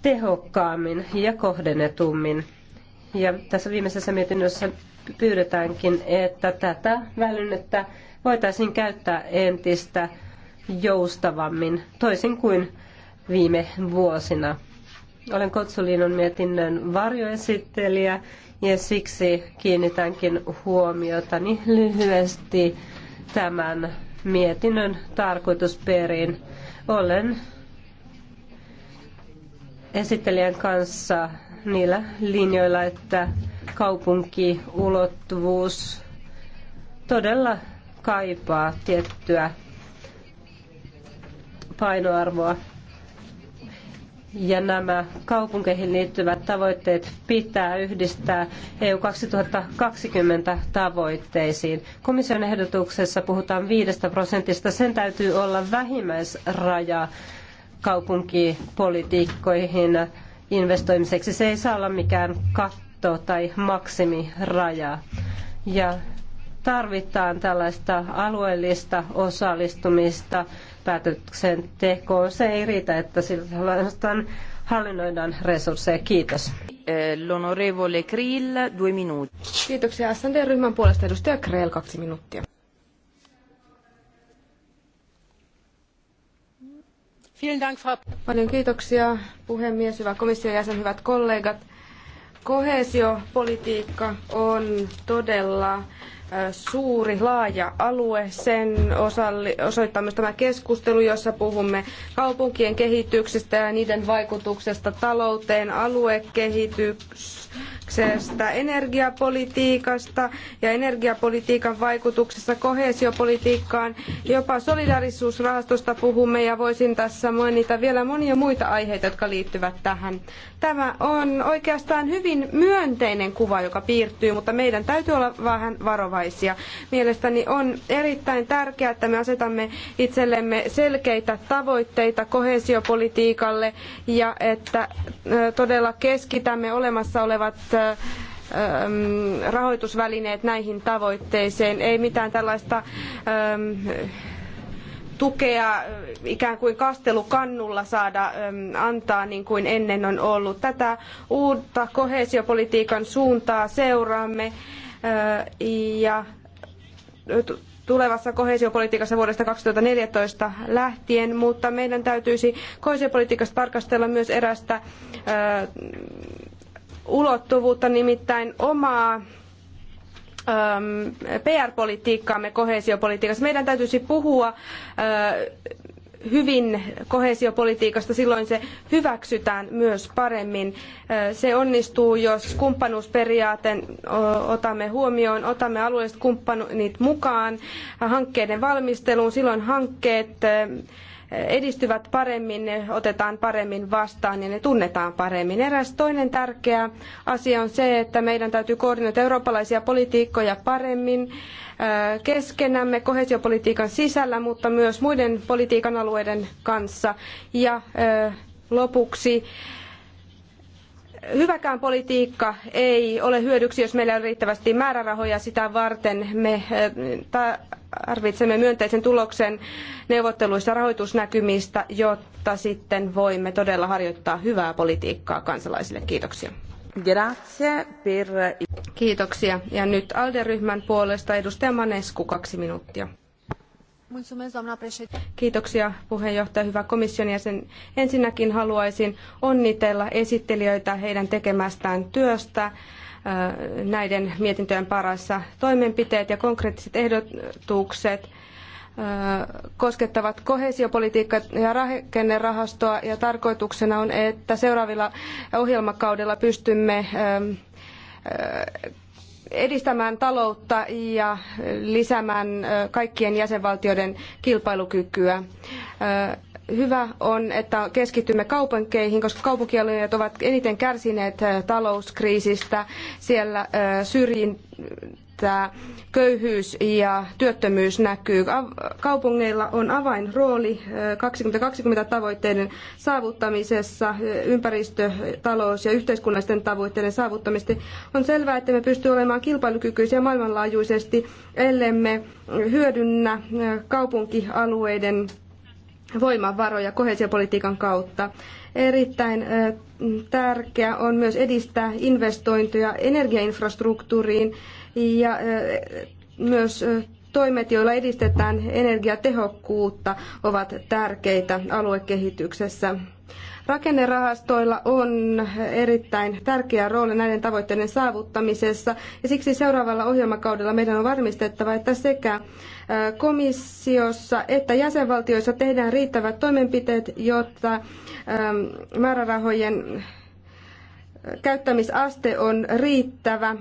Speaker 1: tehokkaammin ja kohdennetummin. Ja tässä viimeisessä mietinnössä pyydetäänkin, että tätä välinettä voitaisiin käyttää entistä joustavammin, toisin kuin viime vuosina. Olen Kotsuliinon mietinnön varjoesittelijä ja siksi kiinnitänkin huomiotani lyhyesti tämän mietinnön tarkoitusperiin. Olen esittelijän kanssa niillä linjoilla, että kaupunkiulottuvuus todella kaipaa tiettyä painoarvoa ja nämä kaupunkeihin liittyvät tavoitteet pitää yhdistää EU 2020 tavoitteisiin. Komission ehdotuksessa puhutaan 5 prosentista. Sen täytyy olla vähimmäisraja kaupunkipolitiikkoihin investoimiseksi. Se ei saa olla mikään katto tai maksimiraja. Ja tarvitaan tällaista alueellista osallistumista päätöksentekoon. Se ei riitä, että sillä hallinnoidaan resursseja. Kiitos. Eh, l'onorevole Krill, due minuutti. Kiitoksia
Speaker 6: SND-ryhmän puolesta edustaja Krell, kaksi minuuttia. Paljon kiitoksia puhemies, hyvä komission jäsen, hyvät kollegat. Koheesiopolitiikka on todella suuri, laaja alue. Sen osalli, osoittaa myös tämä keskustelu, jossa puhumme kaupunkien kehityksestä ja niiden vaikutuksesta talouteen, aluekehitys, kehityksestä, energiapolitiikasta ja energiapolitiikan vaikutuksesta koheesiopolitiikkaan, Jopa solidaarisuusrahastosta puhumme ja voisin tässä mainita vielä monia muita aiheita, jotka liittyvät tähän. Tämä on oikeastaan hyvin myönteinen kuva, joka piirtyy, mutta meidän täytyy olla vähän varovaisia. Mielestäni on erittäin tärkeää, että me asetamme itsellemme selkeitä tavoitteita koheesiopolitiikalle ja että todella keskitämme olemassa olevat rahoitusvälineet näihin tavoitteisiin. Ei mitään tällaista tukea ikään kuin kastelukannulla saada antaa niin kuin ennen on ollut. Tätä uutta koheesiopolitiikan suuntaa seuraamme ja tulevassa koheesiopolitiikassa vuodesta 2014 lähtien, mutta meidän täytyisi koheesiopolitiikassa tarkastella myös erästä ulottuvuutta, nimittäin omaa ähm, PR-politiikkaamme koheesiopolitiikassa Meidän täytyisi puhua äh, hyvin koheesiopolitiikasta silloin se hyväksytään myös paremmin. Äh, se onnistuu, jos kumppanuusperiaatteen otamme huomioon, otamme alueelliset kumppanit mukaan hankkeiden valmisteluun, silloin hankkeet äh, edistyvät paremmin, ne otetaan paremmin vastaan ja ne tunnetaan paremmin. Eräs toinen tärkeä asia on se, että meidän täytyy koordinoida eurooppalaisia politiikkoja paremmin äh, keskenämme koheesiopolitiikan sisällä, mutta myös muiden politiikan alueiden kanssa. Ja äh, lopuksi hyväkään politiikka ei ole hyödyksi, jos meillä ei ole riittävästi määrärahoja sitä varten. Me äh, tarvitsemme myönteisen tuloksen neuvotteluissa rahoitusnäkymistä, jotta sitten voimme todella harjoittaa hyvää politiikkaa kansalaisille. Kiitoksia. Grazie per... Kiitoksia. Ja nyt ALDE-ryhmän puolesta edustaja Manesku, kaksi minuuttia. Kiitoksia puheenjohtaja, hyvä komission jäsen. Ensinnäkin haluaisin onnitella esittelijöitä heidän tekemästään työstä näiden mietintöjen parassa. Toimenpiteet ja konkreettiset ehdotukset koskettavat koheesiopolitiikkaa ja rakennerahastoa ja tarkoituksena on, että seuraavilla ohjelmakaudella pystymme edistämään taloutta ja lisäämään kaikkien jäsenvaltioiden kilpailukykyä hyvä on, että keskitymme kaupunkeihin, koska kaupunkialueet ovat eniten kärsineet äh, talouskriisistä. Siellä äh, syrjintä, köyhyys ja työttömyys näkyy. Kaupungeilla on avainrooli 2020 äh, tavoitteiden saavuttamisessa, ympäristö-, talous- ja yhteiskunnallisten tavoitteiden saavuttamisessa. On selvää, että me pysty olemaan kilpailukykyisiä maailmanlaajuisesti, ellemme hyödynnä kaupunkialueiden voimavaroja kohesiopolitiikan kautta. Erittäin tärkeää on myös edistää investointeja energiainfrastruktuuriin ja myös toimet, joilla edistetään energiatehokkuutta, ovat tärkeitä aluekehityksessä. Rakennerahastoilla on erittäin tärkeä rooli näiden tavoitteiden saavuttamisessa ja siksi seuraavalla ohjelmakaudella meidän on varmistettava, että sekä komissiossa että jäsenvaltioissa tehdään riittävät toimenpiteet, jotta ähm, määrärahojen äh, käyttämisaste on riittävä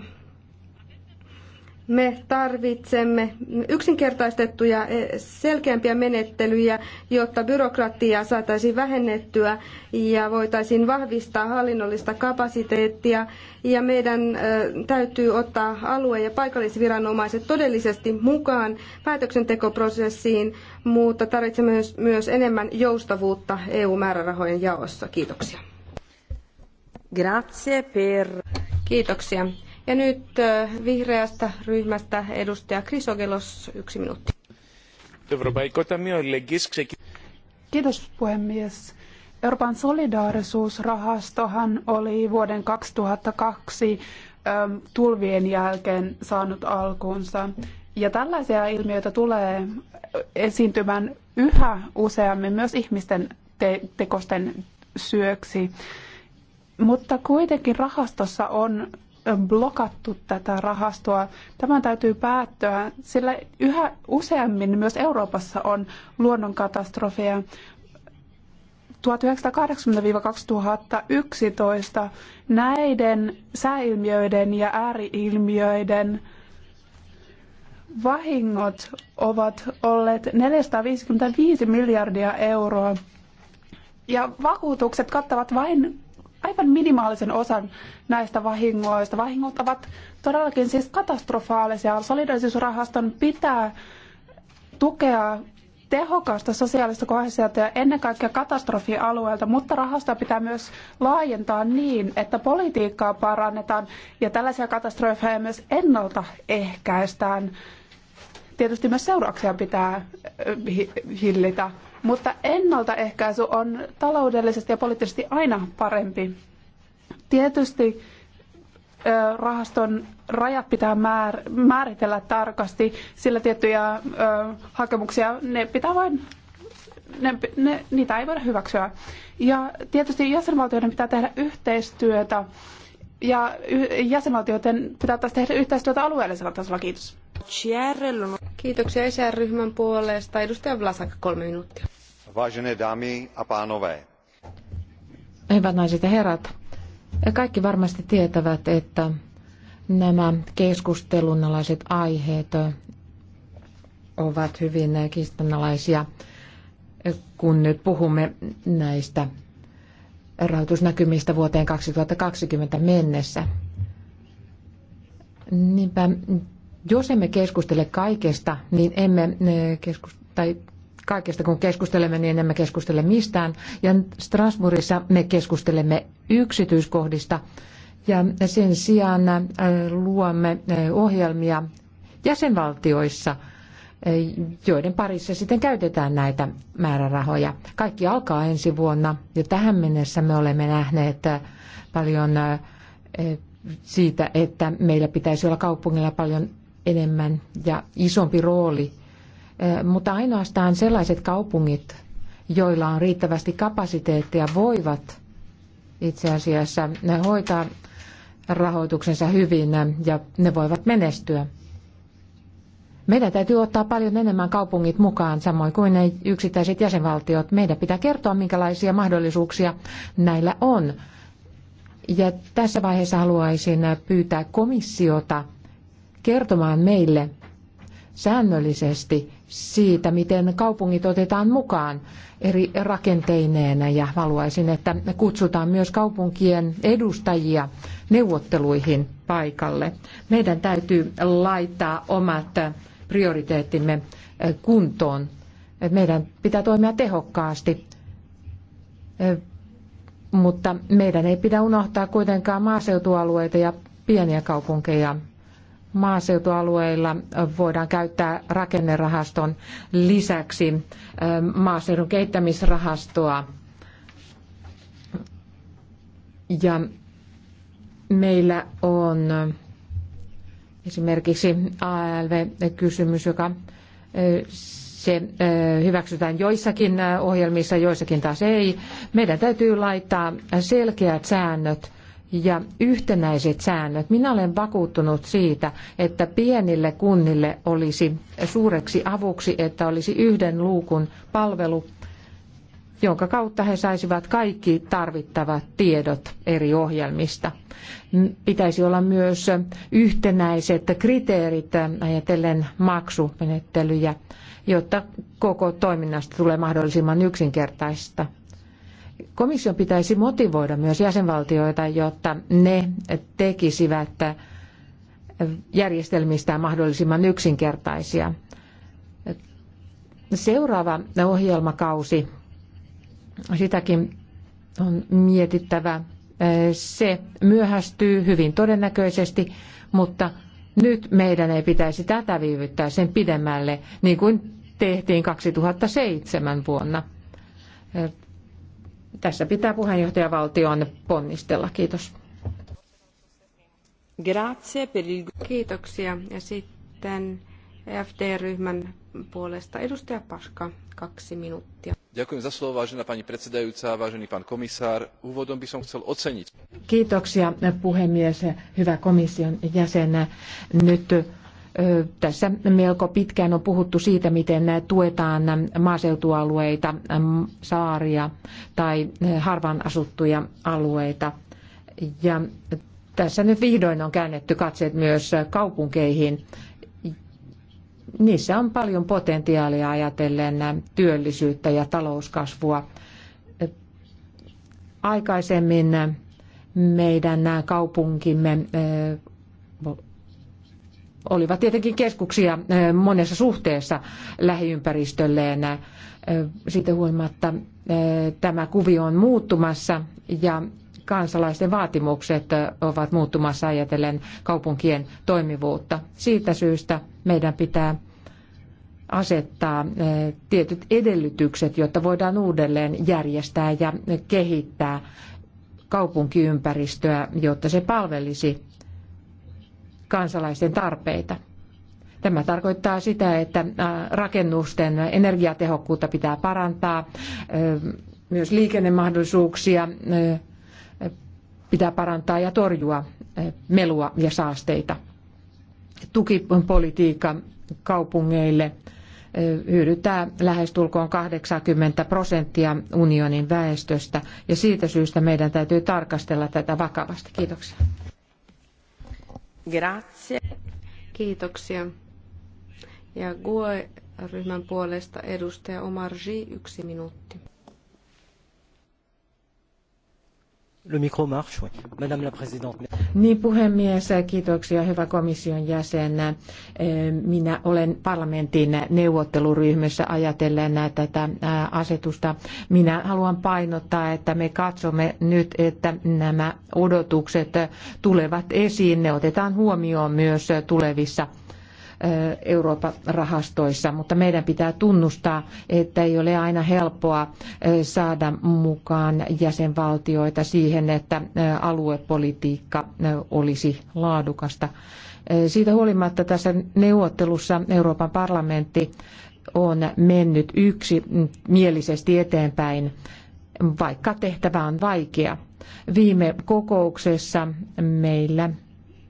Speaker 6: me tarvitsemme yksinkertaistettuja, e, selkeämpiä menettelyjä, jotta byrokratiaa saataisiin vähennettyä ja voitaisiin vahvistaa hallinnollista kapasiteettia. Ja meidän e, täytyy ottaa alue- ja paikallisviranomaiset todellisesti mukaan päätöksentekoprosessiin, mutta tarvitsemme myös enemmän joustavuutta EU-määrärahojen jaossa. Kiitoksia. Grazie per... Kiitoksia ja nyt äh, vihreästä
Speaker 7: ryhmästä edustaja Krisogelos, yksi minuutti. Kiitos puhemies. Euroopan solidaarisuusrahastohan oli vuoden 2002 ähm, tulvien jälkeen saanut alkuunsa. Ja tällaisia ilmiöitä tulee esiintymään yhä useammin myös ihmisten te- tekosten syöksi. Mutta kuitenkin rahastossa on blokattu tätä rahastoa. Tämän täytyy päättyä, sillä yhä useammin myös Euroopassa on luonnonkatastrofeja. 1980-2011 näiden säilmiöiden ja ääriilmiöiden vahingot ovat olleet 455 miljardia euroa. Ja vakuutukset kattavat vain aivan minimaalisen osan näistä vahingoista. Vahingot ovat todellakin siis katastrofaalisia. Solidarisuusrahaston pitää tukea tehokasta sosiaalista kohesiota ja ennen kaikkea katastrofialueelta, mutta rahasta pitää myös laajentaa niin, että politiikkaa parannetaan ja tällaisia katastrofeja myös ennaltaehkäistään. Tietysti myös seurauksia pitää hillitä. Mutta ennaltaehkäisy on taloudellisesti ja poliittisesti aina parempi. Tietysti rahaston rajat pitää määritellä tarkasti, sillä tiettyjä hakemuksia ne pitää vain ne, ne, niitä ei voida hyväksyä. Ja tietysti jäsenvaltioiden pitää tehdä yhteistyötä ja jäsenvaltioiden pitää taas tehdä yhteistyötä alueellisella tasolla. Kiitos. Kiitoksia ESR-ryhmän puolesta. Edustaja Vlasak, kolme
Speaker 6: minuuttia.
Speaker 5: Vážené dámy a pánové.
Speaker 3: Hyvät naiset ja herrat, kaikki varmasti tietävät, että nämä keskustelunalaiset aiheet ovat hyvin kiistanalaisia, kun nyt puhumme näistä rahoitusnäkymistä vuoteen 2020 mennessä. Niinpä jos emme keskustele kaikesta, niin emme eh, keskus, tai kaikesta kun keskustelemme, niin emme keskustele mistään. Ja Strasbourgissa me keskustelemme yksityiskohdista ja sen sijaan eh, luomme eh, ohjelmia jäsenvaltioissa, joiden parissa sitten käytetään näitä määrärahoja. Kaikki alkaa ensi vuonna ja tähän mennessä me olemme nähneet paljon siitä, että meillä pitäisi olla kaupungilla paljon enemmän ja isompi rooli, äh, mutta ainoastaan sellaiset kaupungit, joilla on riittävästi kapasiteettia, voivat itse asiassa ne hoitaa rahoituksensa hyvin äh, ja ne voivat menestyä. Meidän täytyy ottaa paljon enemmän kaupungit mukaan, samoin kuin ne yksittäiset jäsenvaltiot. Meidän pitää kertoa, minkälaisia mahdollisuuksia näillä on. Ja tässä vaiheessa haluaisin pyytää komissiota kertomaan meille säännöllisesti siitä, miten kaupungit otetaan mukaan eri rakenteineen ja haluaisin, että kutsutaan myös kaupunkien edustajia neuvotteluihin paikalle. Meidän täytyy laittaa omat prioriteettimme kuntoon. Meidän pitää toimia tehokkaasti, mutta meidän ei pidä unohtaa kuitenkaan maaseutualueita ja pieniä kaupunkeja maaseutualueilla voidaan käyttää rakennerahaston lisäksi maaseudun kehittämisrahastoa. Ja meillä on esimerkiksi ALV-kysymys, joka se hyväksytään joissakin ohjelmissa, joissakin taas ei. Meidän täytyy laittaa selkeät säännöt ja yhtenäiset säännöt. Minä olen vakuuttunut siitä, että pienille kunnille olisi suureksi avuksi, että olisi yhden luukun palvelu, jonka kautta he saisivat kaikki tarvittavat tiedot eri ohjelmista. Pitäisi olla myös yhtenäiset kriteerit ajatellen maksumenettelyjä, jotta koko toiminnasta tulee mahdollisimman yksinkertaista Komission pitäisi motivoida myös jäsenvaltioita, jotta ne tekisivät järjestelmistään mahdollisimman yksinkertaisia. Seuraava ohjelmakausi, sitäkin on mietittävä. Se myöhästyy hyvin todennäköisesti, mutta nyt meidän ei pitäisi tätä viivyttää sen pidemmälle, niin kuin tehtiin 2007 vuonna tässä pitää puheenjohtajavaltion ponnistella. Kiitos.
Speaker 6: Kiitoksia. Ja sitten FD-ryhmän puolesta edustaja Paska, kaksi
Speaker 1: minuuttia. Ďakujem za slovo, vážená pani predsedajúca, vážený pán komisár. Úvodom by som chcel oceniť.
Speaker 3: Kiitoksia puhemies, hyvä komission jäsen. Nyt tässä melko pitkään on puhuttu siitä, miten tuetaan maaseutualueita, saaria tai harvaan asuttuja alueita. Ja tässä nyt vihdoin on käännetty katseet myös kaupunkeihin. Niissä on paljon potentiaalia ajatellen työllisyyttä ja talouskasvua. Aikaisemmin meidän kaupunkimme olivat tietenkin keskuksia monessa suhteessa lähiympäristölleen. Siitä huolimatta tämä kuvio on muuttumassa ja kansalaisten vaatimukset ovat muuttumassa ajatellen kaupunkien toimivuutta. Siitä syystä meidän pitää asettaa tietyt edellytykset, jotta voidaan uudelleen järjestää ja kehittää kaupunkiympäristöä, jotta se palvelisi kansalaisten tarpeita. Tämä tarkoittaa sitä, että rakennusten energiatehokkuutta pitää parantaa, myös liikennemahdollisuuksia pitää parantaa ja torjua melua ja saasteita. Tukipolitiikka kaupungeille hyödyttää lähestulkoon 80 prosenttia unionin väestöstä ja siitä syystä meidän täytyy tarkastella tätä vakavasti. Kiitoksia.
Speaker 6: Grazie. Kiitoksia. Ja GUE-ryhmän puolesta edustaja Omar G. yksi minuutti.
Speaker 3: Niin puhemies, kiitoksia hyvä komission jäsen. Eh, minä olen parlamentin neuvotteluryhmässä ajatellen tätä eh, asetusta. Minä haluan painottaa, että me katsomme nyt, että nämä odotukset tulevat esiin. Ne otetaan huomioon myös tulevissa Euroopan rahastoissa, mutta meidän pitää tunnustaa, että ei ole aina helppoa saada mukaan jäsenvaltioita siihen, että aluepolitiikka olisi laadukasta. Siitä huolimatta tässä neuvottelussa Euroopan parlamentti on mennyt yksi mielisesti eteenpäin, vaikka tehtävä on vaikea. Viime kokouksessa meillä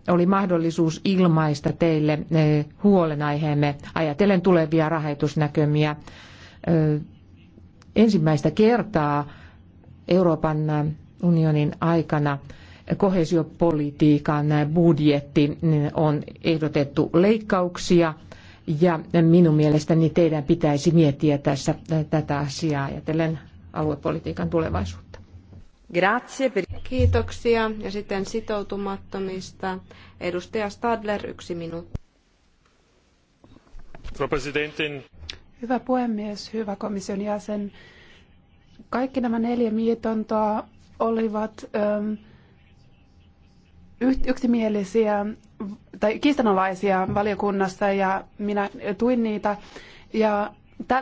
Speaker 3: oli mahdollisuus ilmaista teille eh, huolenaiheemme ajatellen tulevia rahoitusnäkymiä. Eh, ensimmäistä kertaa Euroopan unionin aikana kohesiopolitiikan budjetti eh, on ehdotettu leikkauksia ja minun mielestäni teidän pitäisi miettiä tässä tätä asiaa ajatellen aluepolitiikan tulevaisuutta.
Speaker 6: Kiitoksia. Ja sitten sitoutumattomista. Edustaja Stadler, yksi minuutti.
Speaker 7: Hyvä puhemies, hyvä komission jäsen. Kaikki nämä neljä mietintöä olivat ö, ähm, yksimielisiä tai kiistanalaisia valiokunnassa ja minä tuin niitä. Ja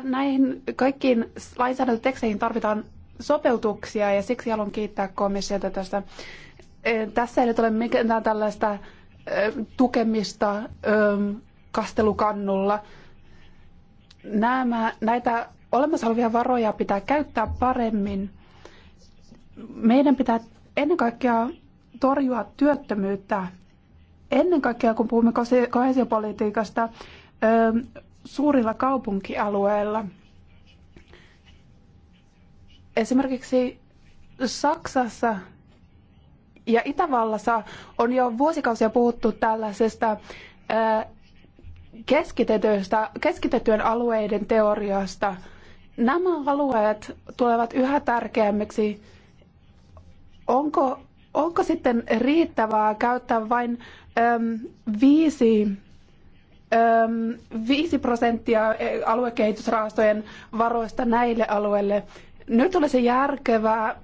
Speaker 7: näihin kaikkiin lainsäädäntöteksteihin tarvitaan sopeutuksia ja siksi haluan kiittää komissiota tästä. E, tässä ei nyt ole mitään tällaista e, tukemista e, kastelukannulla. Nämä, näitä olemassa olevia varoja pitää käyttää paremmin. Meidän pitää ennen kaikkea torjua työttömyyttä. Ennen kaikkea, kun puhumme kohesiopolitiikasta, suurilla kaupunkialueilla – Esimerkiksi Saksassa ja Itävallassa on jo vuosikausia puhuttu tällaisesta keskitetystä, keskitettyjen alueiden teoriasta. Nämä alueet tulevat yhä tärkeämmiksi. Onko, onko sitten riittävää käyttää vain äm, viisi, äm, viisi prosenttia aluekehitysrahastojen varoista näille alueille? Nyt olisi järkevää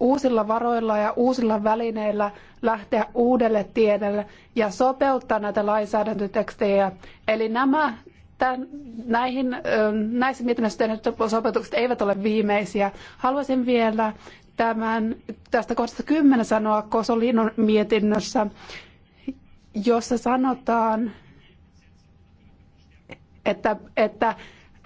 Speaker 7: uusilla varoilla ja uusilla välineillä lähteä uudelle tiedelle ja sopeuttaa näitä lainsäädäntötekstejä. Eli nämä tämän, näihin, näissä mietinnössä tehdyt sopeutukset eivät ole viimeisiä. Haluaisin vielä tämän, tästä kohdasta kymmenen sanoa Kosolinon mietinnössä, jossa sanotaan, että, että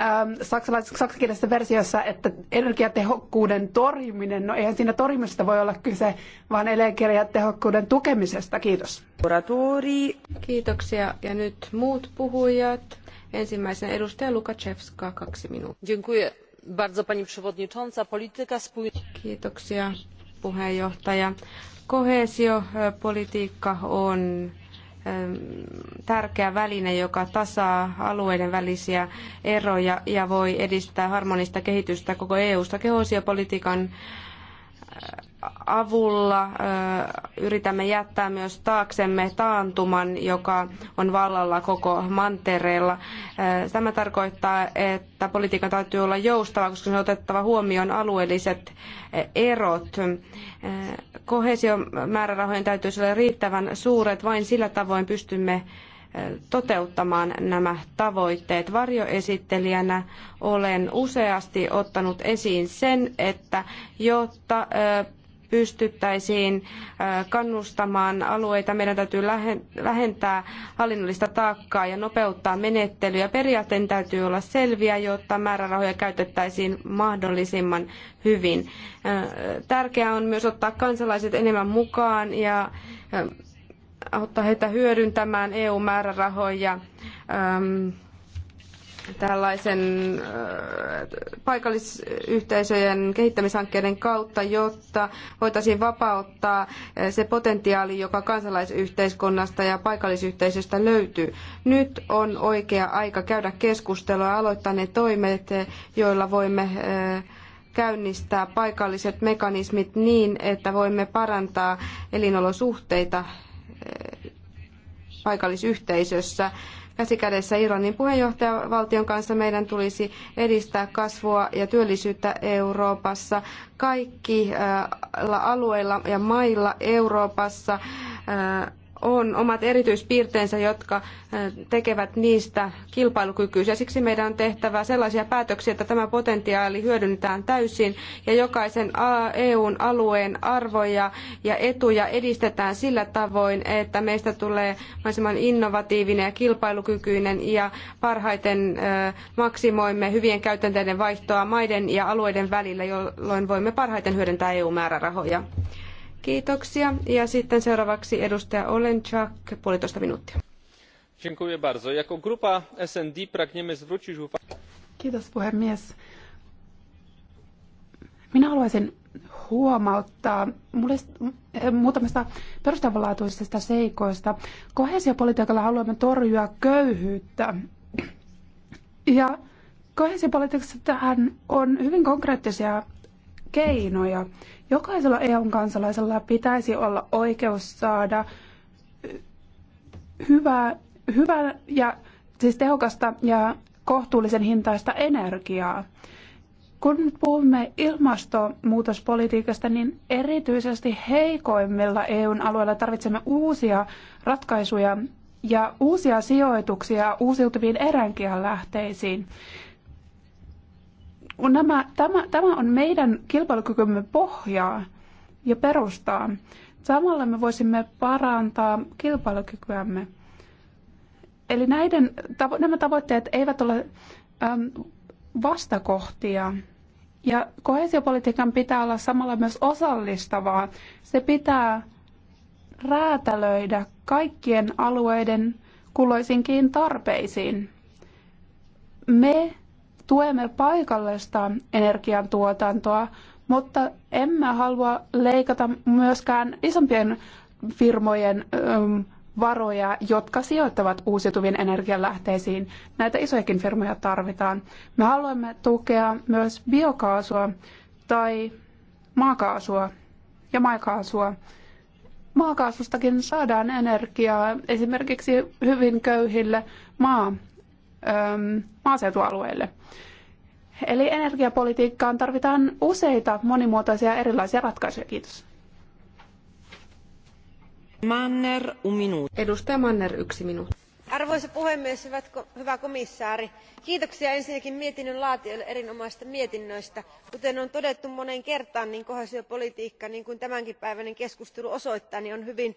Speaker 7: Ähm, saksalais- versiossa, että energiatehokkuuden torjuminen, no eihän siinä torjumisesta voi olla kyse, vaan energiatehokkuuden tukemisesta. Kiitos. Kiitoksia. Ja nyt muut
Speaker 6: puhujat. Ensimmäisenä edustaja Lukachevska, kaksi minuuttia.
Speaker 1: Dziękuję bardzo pani przewodnicząca. Polityka spójności.
Speaker 6: Kiitoksia puheenjohtaja. Kohesiopolitiikka e, on tärkeä väline, joka tasaa alueiden välisiä eroja ja voi edistää harmonista kehitystä koko EU-sta. Kehoisiopolitiikan avulla yritämme jättää myös taaksemme taantuman, joka on vallalla koko mantereella. Tämä tarkoittaa, että politiikan täytyy olla joustava, koska se on otettava huomioon alueelliset erot. koheesiomäärärahojen täytyy olla riittävän suuret, vain sillä tavoin pystymme toteuttamaan nämä tavoitteet. Varjoesittelijänä olen useasti ottanut esiin sen, että jotta pystyttäisiin kannustamaan alueita. Meidän täytyy vähentää hallinnollista taakkaa ja nopeuttaa menettelyjä. Periaatteen täytyy olla selviä, jotta määrärahoja käytettäisiin mahdollisimman hyvin. Tärkeää on myös ottaa kansalaiset enemmän mukaan ja auttaa heitä hyödyntämään EU-määrärahoja tällaisen äh, paikallisyhteisöjen kehittämishankkeiden kautta, jotta voitaisiin vapauttaa äh, se potentiaali, joka kansalaisyhteiskunnasta ja paikallisyhteisöstä löytyy. Nyt on oikea aika käydä keskustelua ja aloittaa ne toimet, joilla voimme äh, käynnistää paikalliset mekanismit niin, että voimme parantaa elinolosuhteita paikallisyhteisössä käsikädessä Irlannin puheenjohtajavaltion kanssa meidän tulisi edistää kasvua ja työllisyyttä Euroopassa kaikilla äh, alueilla ja mailla Euroopassa äh, on omat erityispiirteensä, jotka tekevät niistä kilpailukykyisiä. Siksi meidän on tehtävä sellaisia päätöksiä, että tämä potentiaali hyödynnetään täysin ja jokaisen EUn alueen arvoja ja etuja edistetään sillä tavoin, että meistä tulee mahdollisimman innovatiivinen ja kilpailukykyinen ja parhaiten maksimoimme hyvien käytänteiden vaihtoa maiden ja alueiden välillä, jolloin voimme parhaiten hyödyntää EU-määrärahoja. Kiitoksia. Ja sitten seuraavaksi edustaja Olenczak, puolitoista minuuttia.
Speaker 7: Dziękuję bardzo.
Speaker 6: Jako grupa SND pragniemy zwrócić uwagę...
Speaker 7: Kiitos puhemies. Minä haluaisin huomauttaa eh, muutamista perustavanlaatuisista seikoista. Kohesiopolitiikalla haluamme torjua köyhyyttä. Ja kohesiopolitiikassa tähän on hyvin konkreettisia keinoja. Jokaisella EUn kansalaisella pitäisi olla oikeus saada hyvää, hyvää ja siis tehokasta ja kohtuullisen hintaista energiaa. Kun nyt puhumme ilmastonmuutospolitiikasta, niin erityisesti heikoimmilla EUn alueilla tarvitsemme uusia ratkaisuja ja uusia sijoituksia uusiutuviin lähteisiin. Kun nämä, tämä, tämä on meidän kilpailukykymme pohjaa ja perustaa. Samalla me voisimme parantaa kilpailukykyämme. Eli näiden, tavo- nämä tavoitteet eivät ole äm, vastakohtia. Ja kohesiopolitiikan pitää olla samalla myös osallistavaa. Se pitää räätälöidä kaikkien alueiden kulloisinkin tarpeisiin. Me tuemme paikallista energiantuotantoa, mutta emme halua leikata myöskään isompien firmojen varoja, jotka sijoittavat uusiutuviin energialähteisiin. Näitä isojakin firmoja tarvitaan. Me haluamme tukea myös biokaasua tai maakaasua ja maakaasua. Maakaasustakin saadaan energiaa esimerkiksi hyvin köyhille maa Ähm, maaseutualueille. Eli energiapolitiikkaan tarvitaan useita monimuotoisia erilaisia ratkaisuja. Kiitos.
Speaker 6: Manner, un Edustaja Manner, yksi minuutti.
Speaker 5: Arvoisa puhemies, hyvät, hyvä komissaari, kiitoksia ensinnäkin mietinnön laatijoille erinomaisista mietinnöistä. Kuten on todettu moneen kertaan, niin kohesiopolitiikka, niin kuin tämänkin päiväinen keskustelu osoittaa, niin on hyvin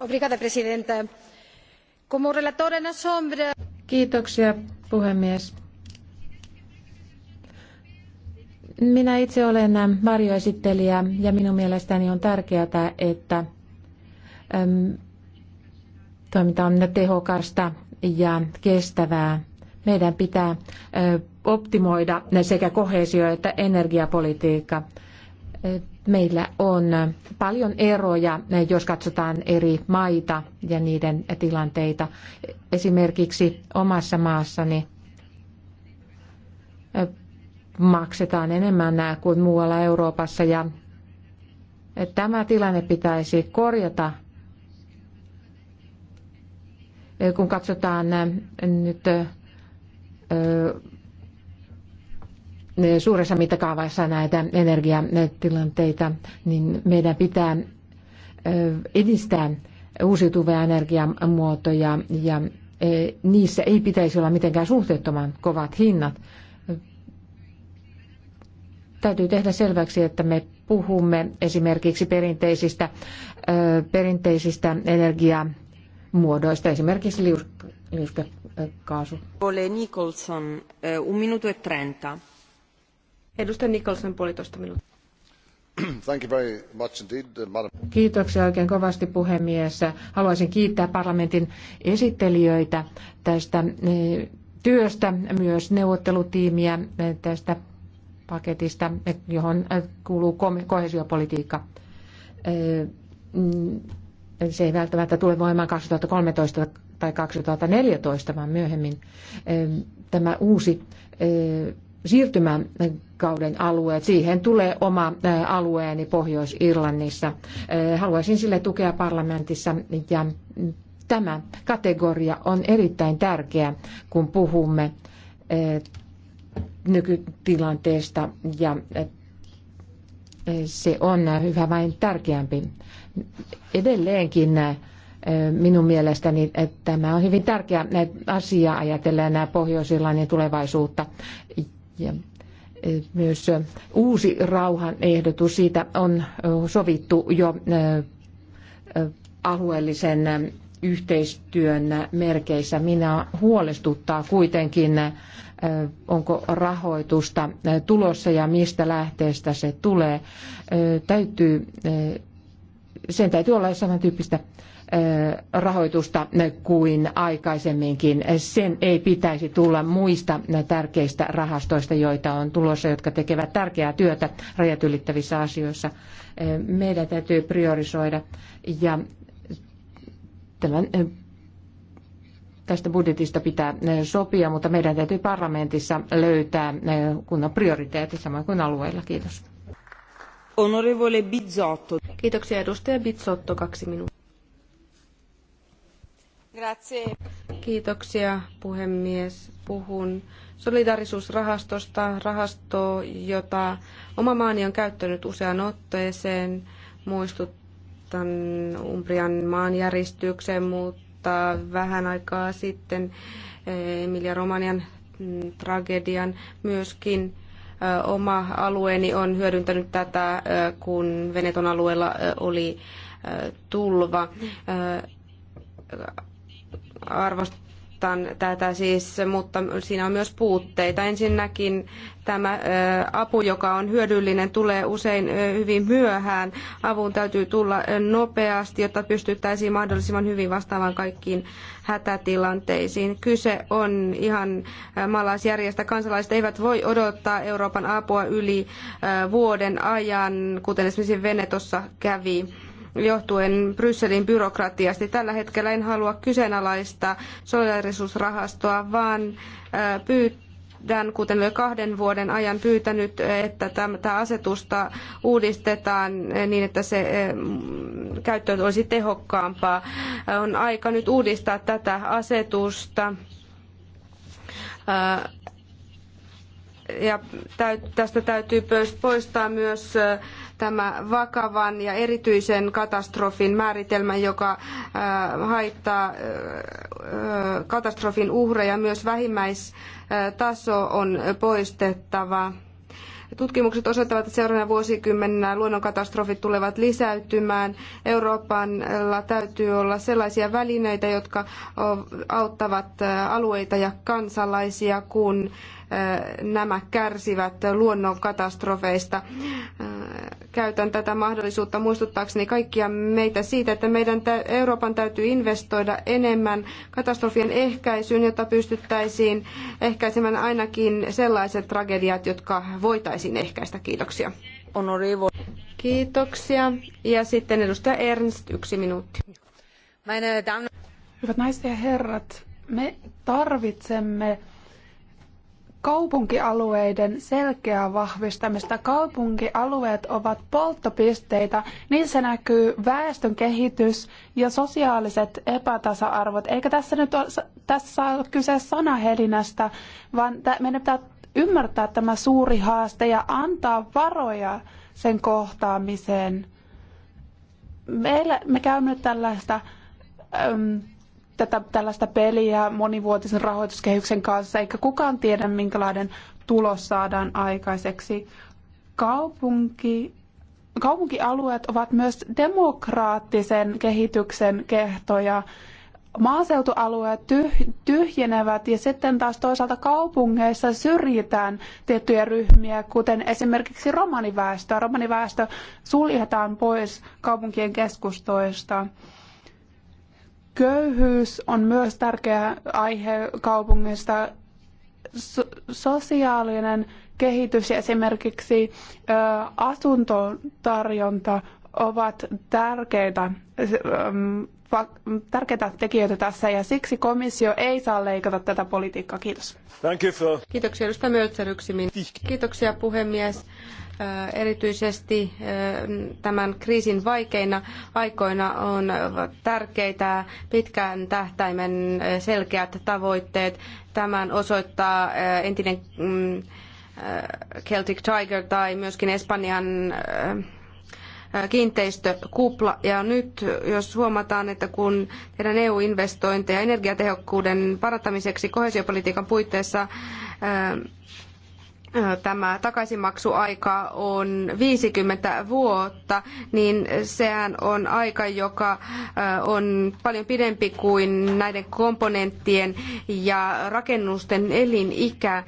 Speaker 3: Obrigada, presidenta. Como relatora sombra... Kiitoksia, puhemies. Minä itse olen varjoesittelijä ja minun mielestäni on tärkeää, että toiminta on tehokasta ja kestävää. Meidän pitää optimoida sekä kohesio- että energiapolitiikka meillä on paljon eroja, jos katsotaan eri maita ja niiden tilanteita. Esimerkiksi omassa maassani maksetaan enemmän kuin muualla Euroopassa ja tämä tilanne pitäisi korjata, kun katsotaan nyt suuressa mittakaavassa näitä energiatilanteita, niin meidän pitää edistää uusiutuvia energiamuotoja ja niissä ei pitäisi olla mitenkään suhteettoman kovat hinnat. Täytyy tehdä selväksi, että me puhumme esimerkiksi perinteisistä, perinteisistä energiamuodoista, esimerkiksi liuskekaasu.
Speaker 5: Ole Nicholson, un minuto e trenta. Edustaja Nicholson,
Speaker 6: puolitoista minuuttia. Uh, Kiitoksia
Speaker 3: oikein kovasti puhemies. Haluaisin kiittää parlamentin esittelijöitä tästä eh, työstä, myös neuvottelutiimiä eh, tästä paketista, eh, johon kuuluu kohesiopolitiikka. Mm, se ei välttämättä tule voimaan 2013 tai 2014, vaan myöhemmin tämä uusi siirtymäkauden alueet. Siihen tulee oma alueeni Pohjois-Irlannissa. Haluaisin sille tukea parlamentissa ja tämä kategoria on erittäin tärkeä, kun puhumme nykytilanteesta ja se on hyvä vain tärkeämpi. Edelleenkin minun mielestäni että tämä on hyvin tärkeä asia ajatellen Pohjois-Irlannin tulevaisuutta ja e, myös e, uusi rauhan ehdotus, siitä on e, sovittu jo alueellisen yhteistyön merkeissä. Minä huolestuttaa kuitenkin, onko rahoitusta tulossa ja mistä lähteestä se tulee. Täytyy, sen täytyy olla samantyyppistä rahoitusta kuin aikaisemminkin. Sen ei pitäisi tulla muista tärkeistä rahastoista, joita on tulossa, jotka tekevät tärkeää työtä rajat ylittävissä asioissa. Meidän täytyy priorisoida ja tämän tästä budjetista pitää sopia, mutta meidän täytyy parlamentissa löytää kunnon prioriteetit samoin kuin alueilla.
Speaker 6: Kiitos. Onorevole Bizzotto. Kiitoksia edustaja Bizzotto, kaksi minuuttia. Kiitoksia puhemies. Puhun solidarisuusrahastosta, rahasto, jota oma maani on käyttänyt useaan otteeseen. Muistutan Umbrian maanjäristyksen, mutta vähän aikaa sitten eh, Emilia Romanian mm, tragedian myöskin eh, oma alueeni on hyödyntänyt tätä, eh, kun Veneton alueella oli tulva arvostan tätä siis, mutta siinä on myös puutteita. Ensinnäkin tämä apu, joka on hyödyllinen, tulee usein hyvin myöhään. Avun täytyy tulla nopeasti, jotta pystyttäisiin mahdollisimman hyvin vastaamaan kaikkiin hätätilanteisiin. Kyse on ihan maalaisjärjestä. Kansalaiset eivät voi odottaa Euroopan apua yli vuoden ajan, kuten esimerkiksi Venetossa kävi johtuen Brysselin byrokratiasta. Tällä hetkellä en halua kyseenalaistaa solidarisuusrahastoa, vaan pyydän, kuten olen kahden vuoden ajan pyytänyt, että tätä asetusta uudistetaan e, niin, että se e, käyttö olisi tehokkaampaa. On aika nyt uudistaa tätä asetusta ja tästä täytyy poistaa myös tämä vakavan ja erityisen katastrofin määritelmä, joka äh, haittaa äh, äh, katastrofin uhreja. Myös vähimmäistaso on poistettava. Tutkimukset osoittavat, että seuraavana vuosikymmenenä luonnonkatastrofit tulevat lisääntymään. Euroopalla täytyy olla sellaisia välineitä, jotka auttavat alueita ja kansalaisia, kun nämä kärsivät luonnon katastrofeista. Käytän tätä mahdollisuutta muistuttaakseni kaikkia meitä siitä, että meidän Euroopan täytyy investoida enemmän katastrofien ehkäisyyn, jotta pystyttäisiin ehkäisemään ainakin sellaiset tragediat, jotka voitaisiin ehkäistä. Kiitoksia. Kiitoksia. Ja sitten edustaja Ernst, yksi minuutti.
Speaker 7: Hyvät naiset ja herrat, me tarvitsemme kaupunkialueiden selkeää vahvistamista. Kaupunkialueet ovat polttopisteitä, niissä näkyy väestön kehitys ja sosiaaliset epätasa-arvot. Eikä tässä nyt ole, tässä ole kyse sanahelinästä, vaan meidän pitää ymmärtää tämä suuri haaste ja antaa varoja sen kohtaamiseen. Meillä, me käymme tällaista äm, tätä, tällaista peliä monivuotisen rahoituskehyksen kanssa, eikä kukaan tiedä, minkälainen tulos saadaan aikaiseksi. Kaupunki, kaupunkialueet ovat myös demokraattisen kehityksen kehtoja. Maaseutualueet tyh, tyhjenevät ja sitten taas toisaalta kaupungeissa syrjitään tiettyjä ryhmiä, kuten esimerkiksi romaniväestöä. Romaniväestö suljetaan pois kaupunkien keskustoista. Köyhyys on myös tärkeä aihe kaupungista. So- sosiaalinen kehitys ja esimerkiksi ö, asuntotarjonta ovat tärkeitä, tärkeitä tekijöitä tässä ja siksi komissio ei saa leikata tätä politiikkaa. Kiitos. Kiitoksia edustaja Möltser Kiitoksia puhemies
Speaker 6: erityisesti tämän kriisin vaikeina aikoina on tärkeitä pitkän tähtäimen selkeät tavoitteet. Tämän osoittaa entinen mm, Celtic Tiger tai myöskin Espanjan kiinteistökupla. Ja nyt, jos huomataan, että kun tehdään EU-investointeja energiatehokkuuden parantamiseksi kohesiopolitiikan puitteissa, tämä takaisinmaksuaika on 50 vuotta, niin sehän on aika, joka on paljon pidempi kuin näiden komponenttien ja rakennusten elinikä.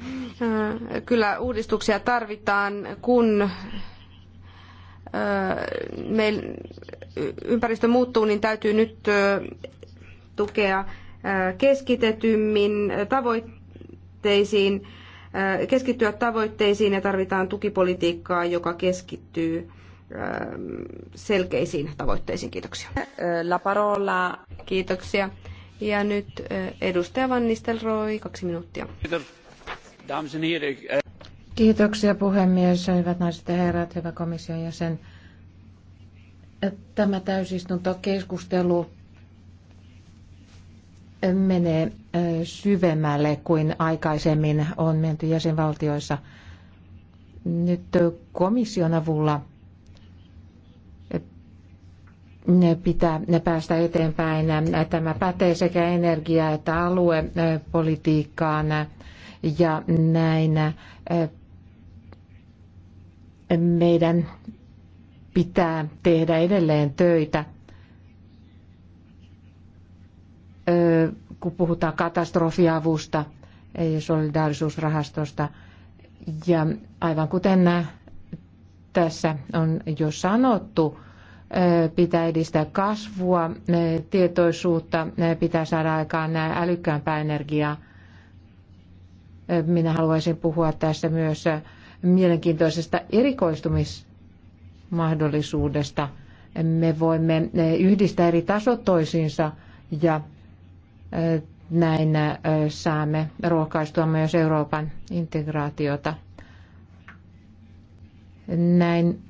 Speaker 6: Kyllä uudistuksia tarvitaan, kun meillä ympäristö muuttuu, niin täytyy nyt tukea keskitetymmin tavoitteisiin keskittyä tavoitteisiin ja tarvitaan tukipolitiikkaa, joka keskittyy selkeisiin tavoitteisiin. Kiitoksia. La parola. Kiitoksia. Ja nyt edustaja Van Nistelrooy, kaksi minuuttia. Eh,
Speaker 3: Kiitoksia puhemies, hyvät naiset ja herrat, hyvä komission jäsen. Tämä täysistuntokeskustelu menee syvemmälle kuin aikaisemmin on menty jäsenvaltioissa. Nyt komission avulla pitää ne päästä eteenpäin. Tämä pätee sekä energia- että aluepolitiikkaan ja näin meidän pitää tehdä edelleen töitä – kun puhutaan katastrofiavusta ja solidaarisuusrahastosta. Ja aivan kuten tässä on jo sanottu, pitää edistää kasvua, tietoisuutta, pitää saada aikaan älykkäämpää energiaa. Minä haluaisin puhua tässä myös mielenkiintoisesta erikoistumismahdollisuudesta. Me voimme yhdistää eri tasot toisiinsa ja näin saamme rohkaistua myös Euroopan integraatiota. Näin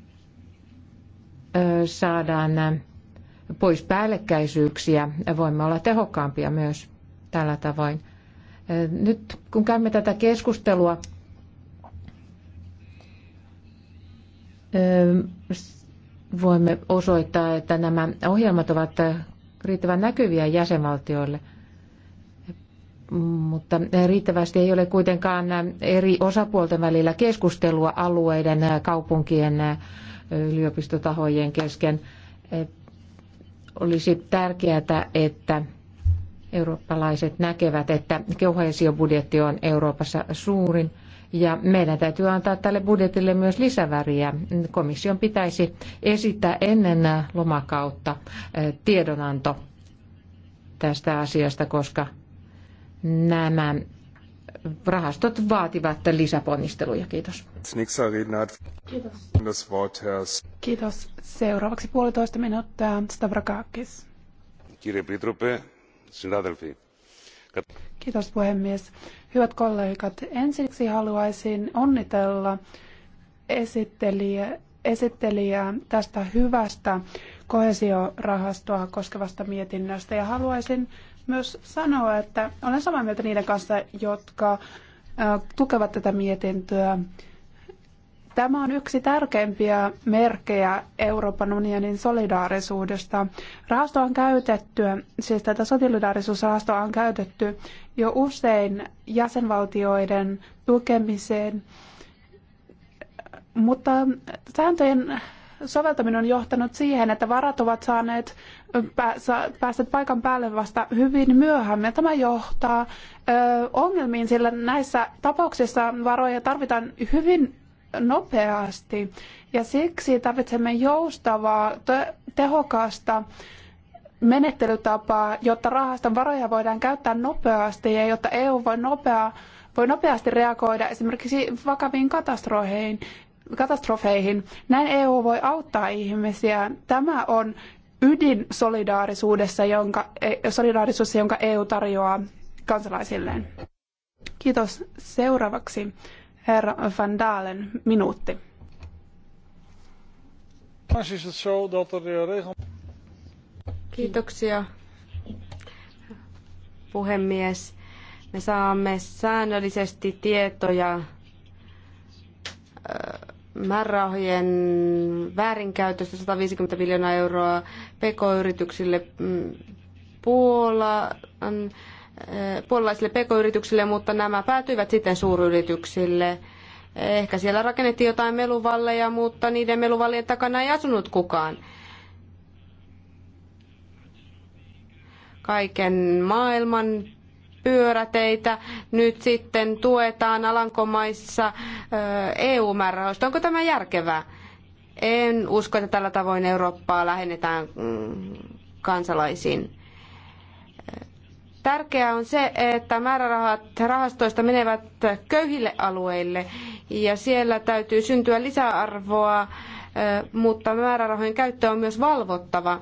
Speaker 3: saadaan pois päällekkäisyyksiä. Voimme olla tehokkaampia myös tällä tavoin. Nyt kun käymme tätä keskustelua, voimme osoittaa, että nämä ohjelmat ovat riittävän näkyviä jäsenvaltioille – mutta riittävästi ei ole kuitenkaan eri osapuolten välillä keskustelua alueiden, kaupunkien, yliopistotahojen kesken. Olisi tärkeää, että eurooppalaiset näkevät, että koheesiobudjetti on Euroopassa suurin. Ja meidän täytyy antaa tälle budjetille myös lisäväriä. Komission pitäisi esittää ennen lomakautta eh, tiedonanto tästä asiasta, koska nämä rahastot vaativat lisäponnisteluja. Kiitos.
Speaker 5: Kiitos.
Speaker 7: Kiitos. Seuraavaksi puolitoista minuuttia Stavrakakis. Kiitos puhemies. Hyvät kollegat, ensiksi haluaisin onnitella esittelijä, esittelijää tästä hyvästä kohesiorahastoa koskevasta mietinnöstä ja haluaisin myös sanoa, että olen samaa mieltä niiden kanssa, jotka tukevat tätä mietintöä. Tämä on yksi tärkeimpiä merkkejä Euroopan unionin solidaarisuudesta. Rahasto on käytetty, siis tätä solidaarisuusrahastoa on käytetty jo usein jäsenvaltioiden tukemiseen, mutta sääntöjen soveltaminen on johtanut siihen, että varat ovat saaneet päästä paikan päälle vasta hyvin myöhään. Tämä johtaa ongelmiin, sillä näissä tapauksissa varoja tarvitaan hyvin nopeasti ja siksi tarvitsemme joustavaa, tehokasta menettelytapaa, jotta rahaston varoja voidaan käyttää nopeasti ja jotta EU voi, nopeaa voi nopeasti reagoida esimerkiksi vakaviin katastrofeihin katastrofeihin. Näin EU voi auttaa ihmisiä. Tämä on ydin e, solidaarisuudessa, jonka, solidaarisuudessa, jonka EU tarjoaa kansalaisilleen. Kiitos. Seuraavaksi herra Van Dalen, minuutti.
Speaker 6: Kiitoksia, puhemies. Me saamme säännöllisesti tietoja määrärahojen väärinkäytöstä 150 miljoonaa euroa pk-yrityksille mm, Puola, mm, eh, puolalaisille pk-yrityksille, mutta nämä päätyivät sitten suuryrityksille. Ehkä siellä rakennettiin jotain meluvalleja, mutta niiden meluvallien takana ei asunut kukaan. Kaiken maailman pyöräteitä nyt sitten tuetaan Alankomaissa EU-määrärahoista. Onko tämä järkevää? En usko, että tällä tavoin Eurooppaa lähennetään mm, kansalaisiin. Tärkeää on se, että määrärahat rahastoista menevät köyhille alueille ja siellä täytyy syntyä lisäarvoa, mutta määrärahojen käyttö on myös valvottava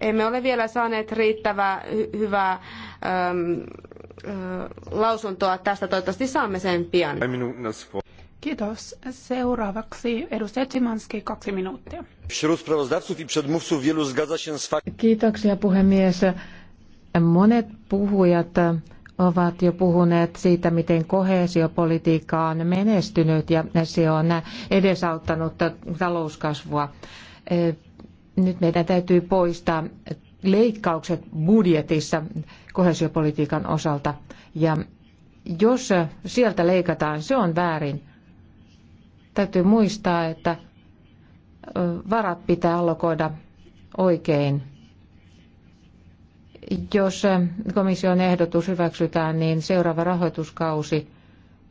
Speaker 6: emme ole vielä saaneet riittävää hyvää
Speaker 7: äm, ä, lausuntoa tästä. Toivottavasti saamme sen pian. Kiitos. Seuraavaksi edustaja Tsimanski, kaksi minuuttia.
Speaker 3: Kiitoksia puhemies. Monet puhujat ovat jo puhuneet siitä, miten kohesiopolitiikka on menestynyt ja se on edesauttanut talouskasvua nyt meidän täytyy poistaa leikkaukset budjetissa kohesiopolitiikan osalta. Ja jos sieltä leikataan, se on väärin. Täytyy muistaa, että varat pitää allokoida oikein. Jos komission ehdotus hyväksytään, niin seuraava rahoituskausi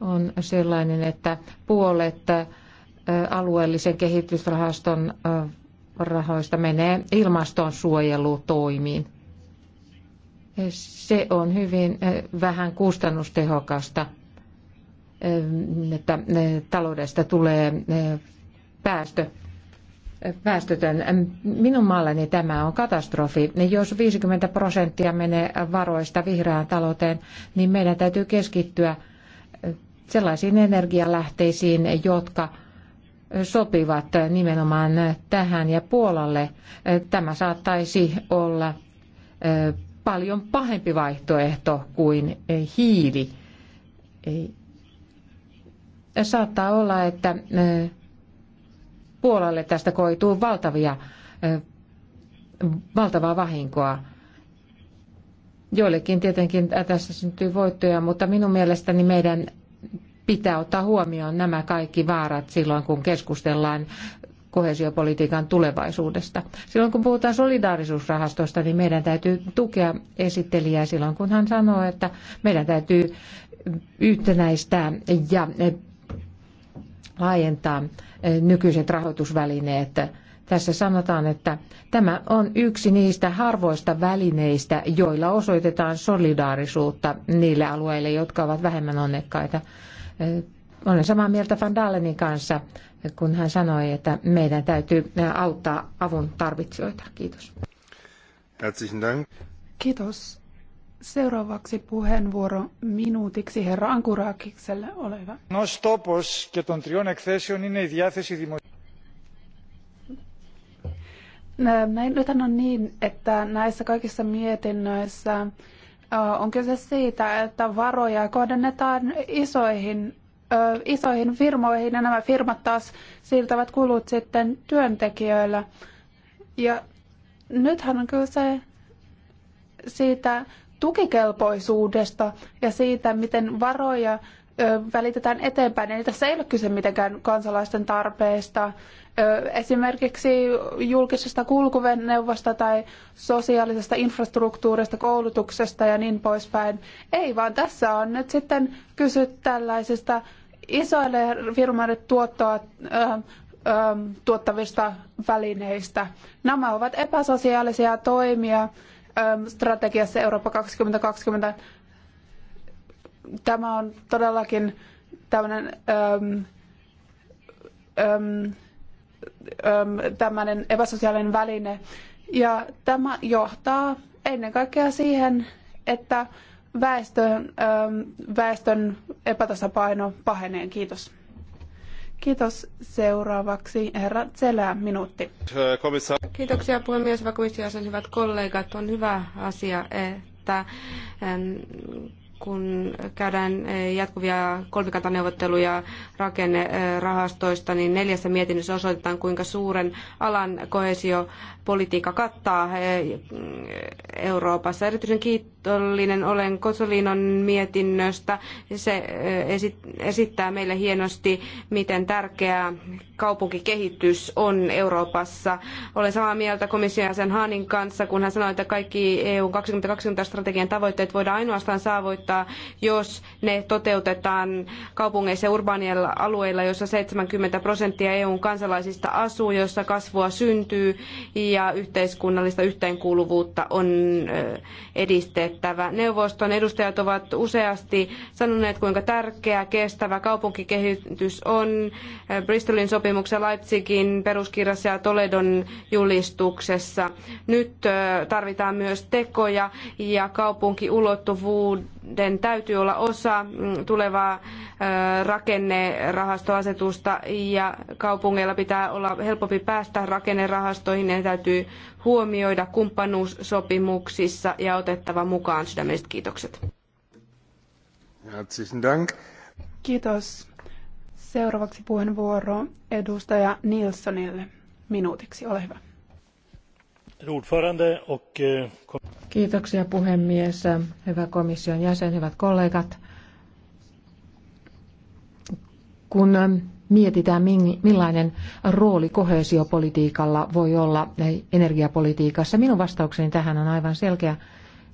Speaker 3: on sellainen, että puolet alueellisen kehitysrahaston rahoista menee ilmastonsuojelutoimiin. Se on hyvin eh, vähän kustannustehokasta, eh, että eh, taloudesta tulee päästö päästötön. Minun maallani tämä on katastrofi. Jos 50 prosenttia menee varoista vihreään talouteen, niin meidän täytyy keskittyä sellaisiin energialähteisiin, jotka sopivat nimenomaan tähän ja Puolalle. Tämä saattaisi olla paljon pahempi vaihtoehto kuin hiili. Saattaa olla, että Puolalle tästä koituu valtavia, valtavaa vahinkoa. Joillekin tietenkin tässä syntyy voittoja, mutta minun mielestäni meidän pitää ottaa huomioon nämä kaikki vaarat silloin, kun keskustellaan koheesiopolitiikan tulevaisuudesta. Silloin kun puhutaan solidaarisuusrahastosta, niin meidän täytyy tukea esittelijää silloin, kun hän sanoo, että meidän täytyy yhtenäistää ja laajentaa nykyiset rahoitusvälineet. Tässä sanotaan, että tämä on yksi niistä harvoista välineistä, joilla osoitetaan solidaarisuutta niille alueille, jotka ovat vähemmän onnekkaita. Olen samaa mieltä Van Dalenin kanssa, kun hän sanoi, että meidän täytyy auttaa avun
Speaker 5: tarvitsijoita. Kiitos.
Speaker 7: Kiitos. Seuraavaksi puheenvuoro minuutiksi herra Ankurakikselle, ole hyvä.
Speaker 5: No, stopos
Speaker 2: και trion τριών εκθέσεων είναι η διάθεση δημοσίου.
Speaker 7: on niin, että näissä kaikissa mietinnöissä Äh, on kyse siitä, että varoja kohdennetaan isoihin, isoihin firmoihin ja nämä firmat taas siirtävät kulut sitten työntekijöillä. Ja nythän on kyse siitä tukikelpoisuudesta ja siitä, miten varoja välitetään eteenpäin. Eli tässä ei ole kyse mitenkään kansalaisten tarpeesta esimerkiksi julkisesta kulkuveneuvosta tai sosiaalisesta infrastruktuurista, koulutuksesta ja niin poispäin. Ei, vaan tässä on nyt sitten kysy tällaisista isoille firmoille tuottoa tuottavista välineistä. Nämä ovat epäsosiaalisia toimia strategiassa Eurooppa 2020. Tämä on todellakin tämmöinen tämmöinen epäsosiaalinen väline. Ja tämä johtaa ennen kaikkea siihen, että väestön, väestön epätasapaino pahenee. Kiitos. Kiitos. Seuraavaksi herra Zelä, minuutti. Kiitoksia puhemies, vakuisia hyvät kollegat. On hyvä asia, että
Speaker 6: kun käydään eh, jatkuvia kolmikantaneuvotteluja rakennerahastoista, niin neljässä mietinnössä osoitetaan, kuinka suuren alan koheesiopolitiikka kattaa eh, Euroopassa. Erityisen kiitollinen olen Kosolinon mietinnöstä. Se eh, esittää meille hienosti, miten tärkeää kaupunkikehitys on Euroopassa. Olen samaa mieltä komission jäsen Hanin kanssa, kun hän sanoi, että kaikki EU 2020-strategian tavoitteet voidaan ainoastaan saavuttaa, jos ne toteutetaan kaupungeissa ja urbaanilla alueilla, joissa 70 prosenttia EUn kansalaisista asuu, jossa kasvua syntyy ja yhteiskunnallista yhteenkuuluvuutta on edistettävä. Neuvoston edustajat ovat useasti sanoneet, kuinka tärkeä kestävä kaupunkikehitys on. Bristolin sopimus sopimuksen Leipzigin peruskirjassa ja Toledon julistuksessa. Nyt tarvitaan myös tekoja ja kaupunkiulottuvuuden täytyy olla osa mm, tulevaa rakennerahastoasetusta ja kaupungeilla pitää olla helpompi päästä rakennerahastoihin. Ne täytyy huomioida kumppanuussopimuksissa ja otettava mukaan sydämelliset kiitokset.
Speaker 7: Kiitos. Seuraavaksi puheenvuoro edustaja Nilssonille minuutiksi. Ole hyvä.
Speaker 5: Eh,
Speaker 7: Kiitoksia puhemies, hyvä komission
Speaker 3: jäsen, hyvät kollegat. Kun mietitään, millainen rooli koheesiopolitiikalla voi olla energiapolitiikassa, minun vastaukseni tähän on aivan selkeä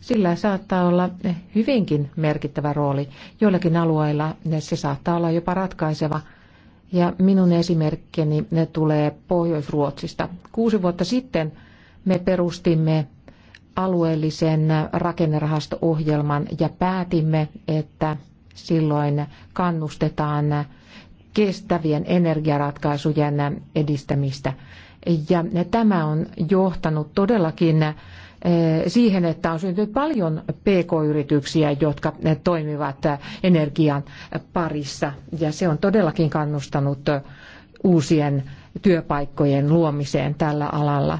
Speaker 3: sillä saattaa olla hyvinkin merkittävä rooli. Joillakin alueilla se saattaa olla jopa ratkaiseva. Ja minun esimerkkini ne tulee Pohjois-Ruotsista. Kuusi vuotta sitten me perustimme alueellisen rakennerahasto-ohjelman ja päätimme, että silloin kannustetaan kestävien energiaratkaisujen edistämistä. Ja tämä on johtanut todellakin Eh, siihen, että on syntynyt paljon pk-yrityksiä, jotka toimivat energian parissa. Ja se on todellakin kannustanut uusien työpaikkojen luomiseen tällä alalla.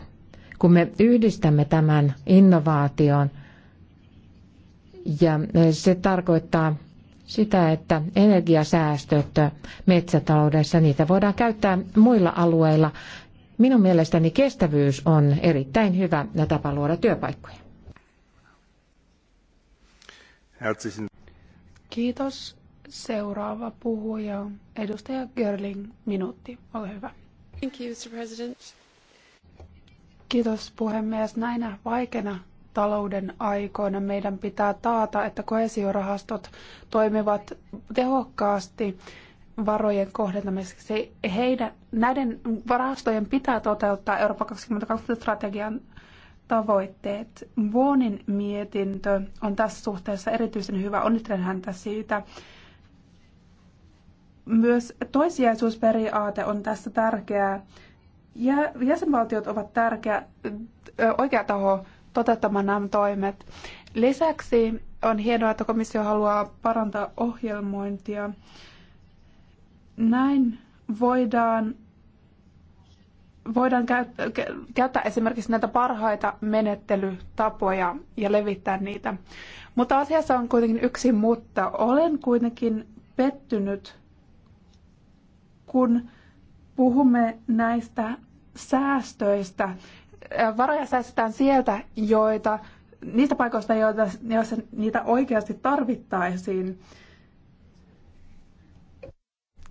Speaker 3: Kun me yhdistämme tämän innovaation, ja eh, se tarkoittaa sitä, että energiasäästöt metsätaloudessa, niitä voidaan käyttää muilla alueilla Minun mielestäni kestävyys on erittäin hyvä tapa luoda työpaikkoja.
Speaker 7: Kiitos. Seuraava puhuja, edustaja Görling, minuutti. Ole hyvä.
Speaker 3: Thank you, Mr. President.
Speaker 7: Kiitos puhemies. Näinä vaikeina talouden aikoina meidän pitää taata, että kohesiorahastot toimivat tehokkaasti varojen kohdentamiseksi. Heidän, näiden varastojen pitää toteuttaa Eurooppa 2020 strategian tavoitteet. Vuonin mietintö on tässä suhteessa erityisen hyvä. Onnittelen häntä siitä. Myös toisijaisuusperiaate on tässä tärkeää. Ja jäsenvaltiot ovat tärkeä oikea taho toteuttamaan nämä toimet. Lisäksi on hienoa, että komissio haluaa parantaa ohjelmointia näin voidaan, voidaan käyttää esimerkiksi näitä parhaita menettelytapoja ja levittää niitä. Mutta asiassa on kuitenkin yksi mutta. Olen kuitenkin pettynyt, kun puhumme näistä säästöistä. Varoja säästetään sieltä, joita, niistä paikoista, joita, joissa niitä oikeasti tarvittaisiin.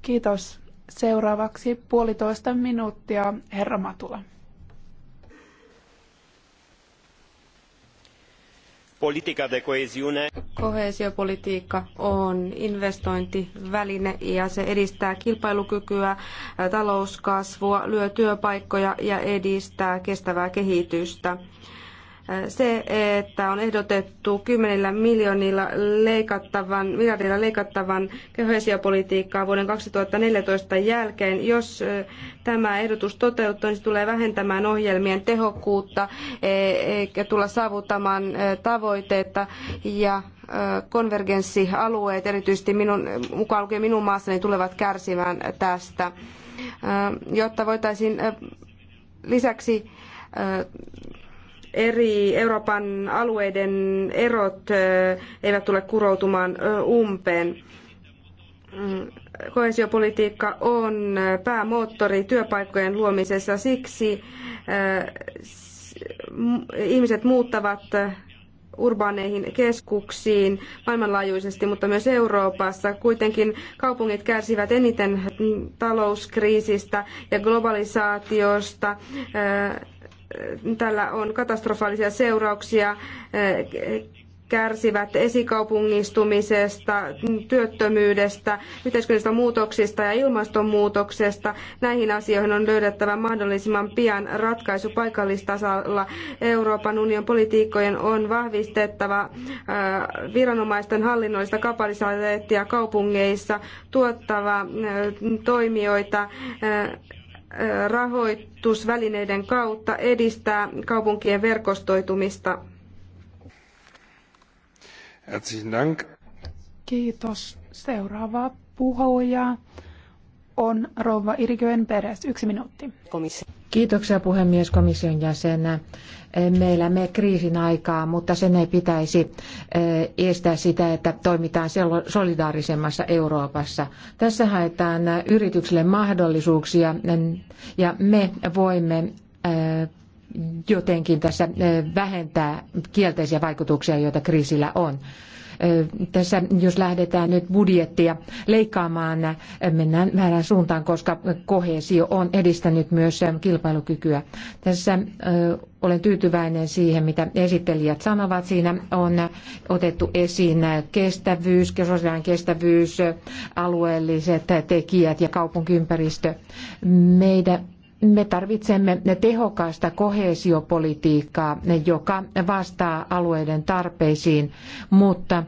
Speaker 7: Kiitos. Seuraavaksi puolitoista minuuttia, herra Matula.
Speaker 5: Politiikka de coesione.
Speaker 6: Koheesiopolitiikka on investointiväline ja se edistää kilpailukykyä, talouskasvua, lyö työpaikkoja ja edistää kestävää kehitystä. Se, että on ehdotettu kymmenillä miljoonilla leikattavan, miljardilla leikattavan kohesiopolitiikkaa vuoden 2014 jälkeen, jos tämä ehdotus toteutuu, niin se tulee vähentämään ohjelmien tehokkuutta e, eikä tulla saavuttamaan tavoitetta ja konvergenssialueet, erityisesti minun, mukaan lukien minun maassani, tulevat kärsimään tästä. Jotta voitaisiin lisäksi eri Euroopan alueiden erot eivät tule kuroutumaan umpeen. Koesiopolitiikka on päämoottori työpaikkojen luomisessa, siksi ihmiset muuttavat urbaaneihin keskuksiin maailmanlaajuisesti, mutta myös Euroopassa. Kuitenkin kaupungit kärsivät eniten talouskriisistä ja globalisaatiosta tällä on katastrofaalisia seurauksia eh, kärsivät esikaupungistumisesta, työttömyydestä, yhteiskunnallisista muutoksista ja ilmastonmuutoksesta. Näihin asioihin on löydettävä mahdollisimman pian ratkaisu paikallistasalla. Euroopan unionin politiikkojen on vahvistettava eh, viranomaisten hallinnollista kapasiteettia kaupungeissa, tuottava eh, toimijoita, rahoittaa rahoitusvälineiden kautta edistää kaupunkien verkostoitumista.
Speaker 7: Kiitos. Seuraava puhuja on rouva Iriköen peräs. Yksi minuutti. Komissio.
Speaker 3: Kiitoksia puhemies komission jäsenä. Me elämme kriisin aikaa, mutta sen ei pitäisi eh, estää sitä, että toimitaan solidaarisemmassa Euroopassa. Tässä haetaan yrityksille mahdollisuuksia eh, ja me voimme eh, jotenkin tässä vähentää kielteisiä vaikutuksia, joita kriisillä on. Tässä jos lähdetään nyt budjettia leikkaamaan, mennään väärään suuntaan, koska kohesio on edistänyt myös kilpailukykyä. Tässä olen tyytyväinen siihen, mitä esittelijät sanovat. Siinä on otettu esiin kestävyys, sosiaalinen kestävyys, alueelliset tekijät ja kaupunkiympäristö. Meidän me tarvitsemme tehokasta koheesiopolitiikkaa, joka vastaa alueiden tarpeisiin, mutta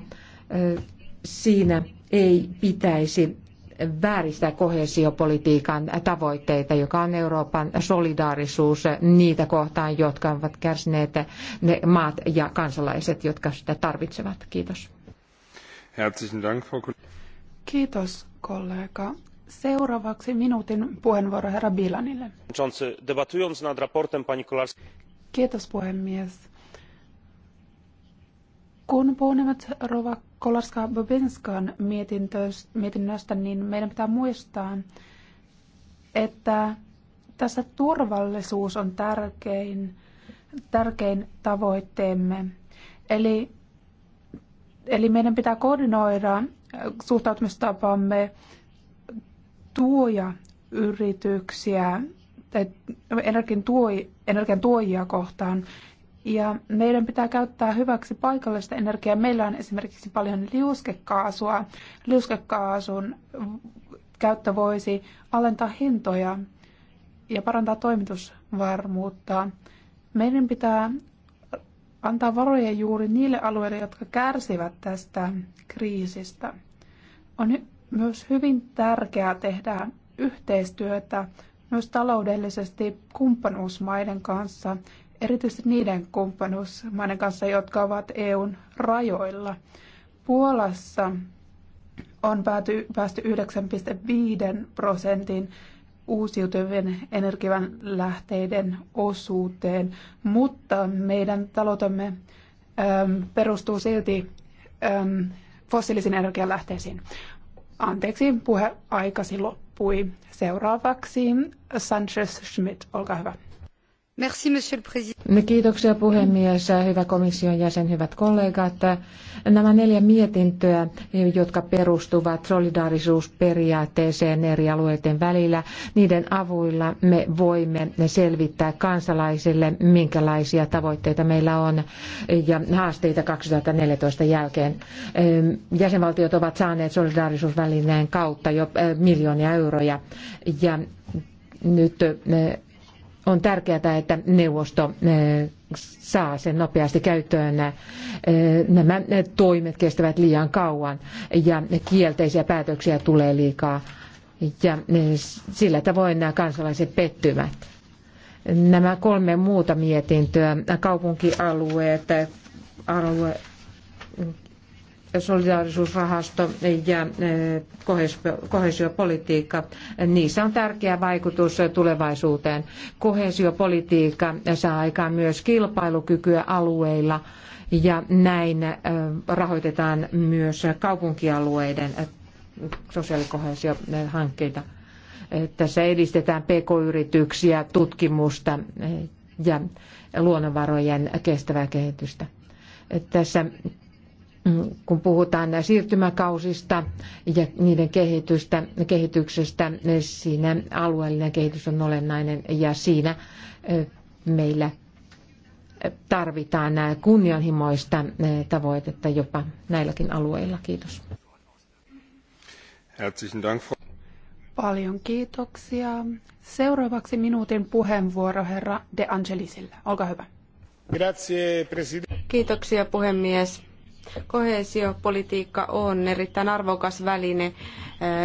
Speaker 3: siinä ei pitäisi vääristää koheesiopolitiikan tavoitteita, joka on Euroopan solidaarisuus niitä kohtaan, jotka ovat kärsineet ne maat ja kansalaiset, jotka sitä tarvitsevat. Kiitos.
Speaker 7: Kiitos kollega. Seuraavaksi minuutin puheenvuoro herra Bilanille. Kiitos puhemies. Kun puhumme Rova Kolarska-Bobinskan mietinnöstä, niin meidän pitää muistaa, että tässä turvallisuus on tärkein, tärkein tavoitteemme. Eli, eli meidän pitää koordinoida suhtautumistapamme tuoja yrityksiä tai energian, tuoj, energian tuojia kohtaan. Ja meidän pitää käyttää hyväksi paikallista energiaa. Meillä on esimerkiksi paljon liuskekaasua. Liuskekaasun käyttö voisi alentaa hintoja ja parantaa toimitusvarmuutta. Meidän pitää antaa varoja juuri niille alueille, jotka kärsivät tästä kriisistä. On myös hyvin tärkeää tehdä yhteistyötä myös taloudellisesti kumppanuusmaiden kanssa, erityisesti niiden kumppanuusmaiden kanssa, jotka ovat EUn rajoilla. Puolassa on pääty, päästy 9,5 prosentin uusiutuvien energian lähteiden osuuteen, mutta meidän taloutemme perustuu silti äm, fossiilisiin energialähteisiin. Anteeksi, puheaikasi loppui. Seuraavaksi Sanchez Schmidt, olkaa hyvä. Merci, monsieur le président.
Speaker 3: No, kiitoksia puhemies, hyvä komission jäsen, hyvät kollegat. Nämä neljä mietintöä, jotka perustuvat solidaarisuusperiaatteeseen eri alueiden välillä, niiden avuilla me voimme selvittää kansalaisille, minkälaisia tavoitteita meillä on ja haasteita 2014 jälkeen. Ehm, jäsenvaltiot ovat saaneet solidaarisuusvälineen kautta jo eh, miljoonia euroja ja nyt eh, on tärkeää, että neuvosto eh, saa sen nopeasti käyttöön. Eh, nämä toimet kestävät liian kauan ja kielteisiä päätöksiä tulee liikaa ja eh, sillä tavoin nämä kansalaiset pettyvät. Nämä kolme muuta mietintöä, kaupunkialueet, alue, solidaarisuusrahasto ja e, kohesiopolitiikka, niissä on tärkeä vaikutus tulevaisuuteen. Kohesiopolitiikka saa aikaan myös kilpailukykyä alueilla ja näin e, rahoitetaan myös kaupunkialueiden e, sosiaalikohesiohankkeita. Tässä edistetään pk-yrityksiä, tutkimusta ja luonnonvarojen kestävää kehitystä. Tässä Mm, kun puhutaan siirtymäkausista ja niiden kehitystä, kehityksestä, siinä alueellinen kehitys on olennainen ja siinä meillä tarvitaan kunnianhimoista tavoitetta jopa näilläkin
Speaker 7: alueilla. Kiitos. Paljon kiitoksia. Seuraavaksi minuutin puheenvuoro herra De Angelisille. Olkaa hyvä. Kiitoksia puhemies Koheesiopolitiikka
Speaker 6: on erittäin arvokas väline eh,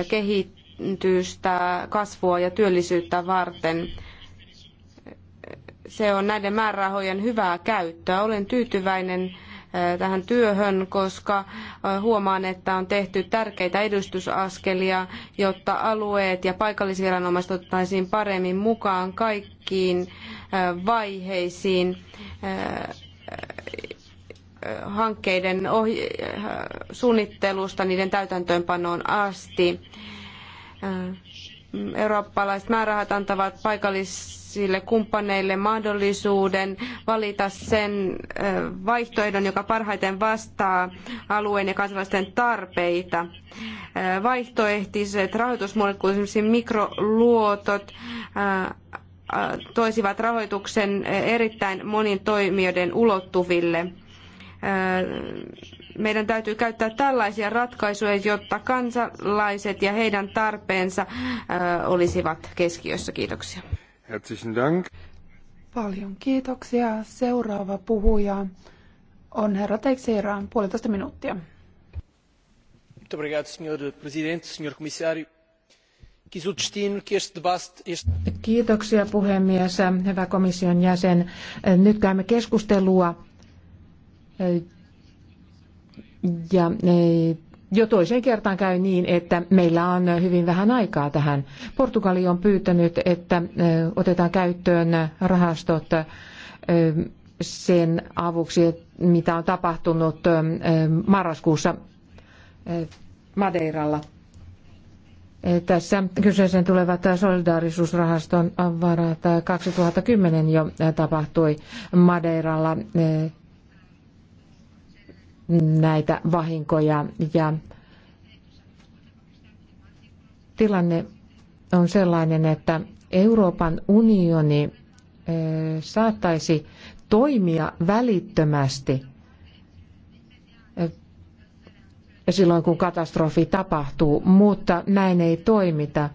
Speaker 6: kehitystä, kasvua ja työllisyyttä varten. Se on näiden määrärahojen hyvää käyttöä. Olen tyytyväinen eh, tähän työhön, koska eh, huomaan, että on tehty tärkeitä edustusaskelia, jotta alueet ja paikallisviranomaiset ottaisiin paremmin mukaan kaikkiin vaiheisiin hankkeiden suunnittelusta niiden täytäntöönpanoon asti. Eurooppalaiset määrärahat antavat paikallisille kumppaneille mahdollisuuden valita sen vaihtoehdon, joka parhaiten vastaa alueen ja kansalaisten tarpeita. Vaihtoehtiset rahoitusmuodot, kuten esimerkiksi mikroluotot, toisivat rahoituksen erittäin monin toimijoiden ulottuville meidän täytyy käyttää tällaisia ratkaisuja, jotta kansalaiset ja heidän tarpeensa
Speaker 5: olisivat keskiössä. Kiitoksia. Herzlichen Dank.
Speaker 7: Paljon kiitoksia. Seuraava puhuja on herra Teixeira, puolitoista minuuttia.
Speaker 5: Muito obrigado, senhor presidente, senhor comissário.
Speaker 3: Kiitoksia puhemies, hyvä komission jäsen. Nyt käymme keskustelua ja e, jo toiseen kertaan käy niin, että meillä on hyvin vähän aikaa tähän. Portugali on pyytänyt, että e, otetaan käyttöön rahastot e, sen avuksi, mitä on tapahtunut marraskuussa Madeiralla. Tässä kyseeseen tulevat solidaarisuusrahaston varat 2010 jo tapahtui Madeiralla näitä vahinkoja ja tilanne on sellainen, että Euroopan unioni eh, saattaisi toimia välittömästi eh, silloin, kun katastrofi tapahtuu, mutta näin ei toimita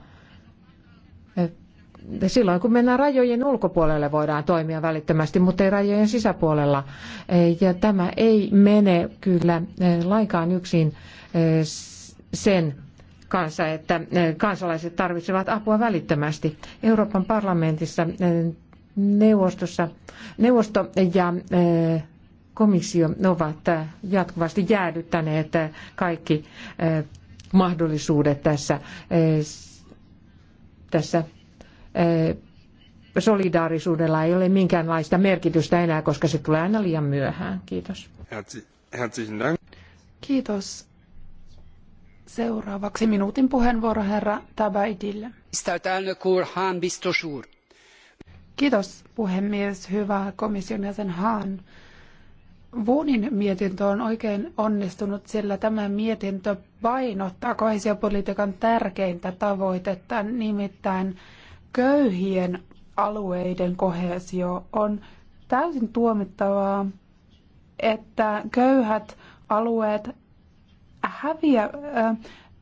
Speaker 3: silloin kun mennään rajojen ulkopuolelle voidaan toimia välittömästi, mutta ei rajojen sisäpuolella. Eh, ja tämä ei mene kyllä eh, lainkaan yksin eh, sen kanssa, että kansalaiset tarvitsevat apua välittömästi. Euroopan parlamentissa, neuvostossa, neuvosto ja komissio ovat jatkuvasti jäädyttäneet kaikki mahdollisuudet tässä, tässä solidaarisuudella ei ole minkäänlaista merkitystä
Speaker 7: enää, koska se tulee aina liian myöhään. Kiitos. Kiitos. Seuraavaksi minuutin puheenvuoro herra Tabaidille. Kiitos puhemies, hyvä komission jäsen Haan. Vuonin mietintö on oikein onnistunut, sillä tämä mietintö painottaa kohesiopolitiikan tärkeintä tavoitetta, nimittäin köyhien alueiden kohesio on täysin tuomittavaa, että köyhät alueet häviä,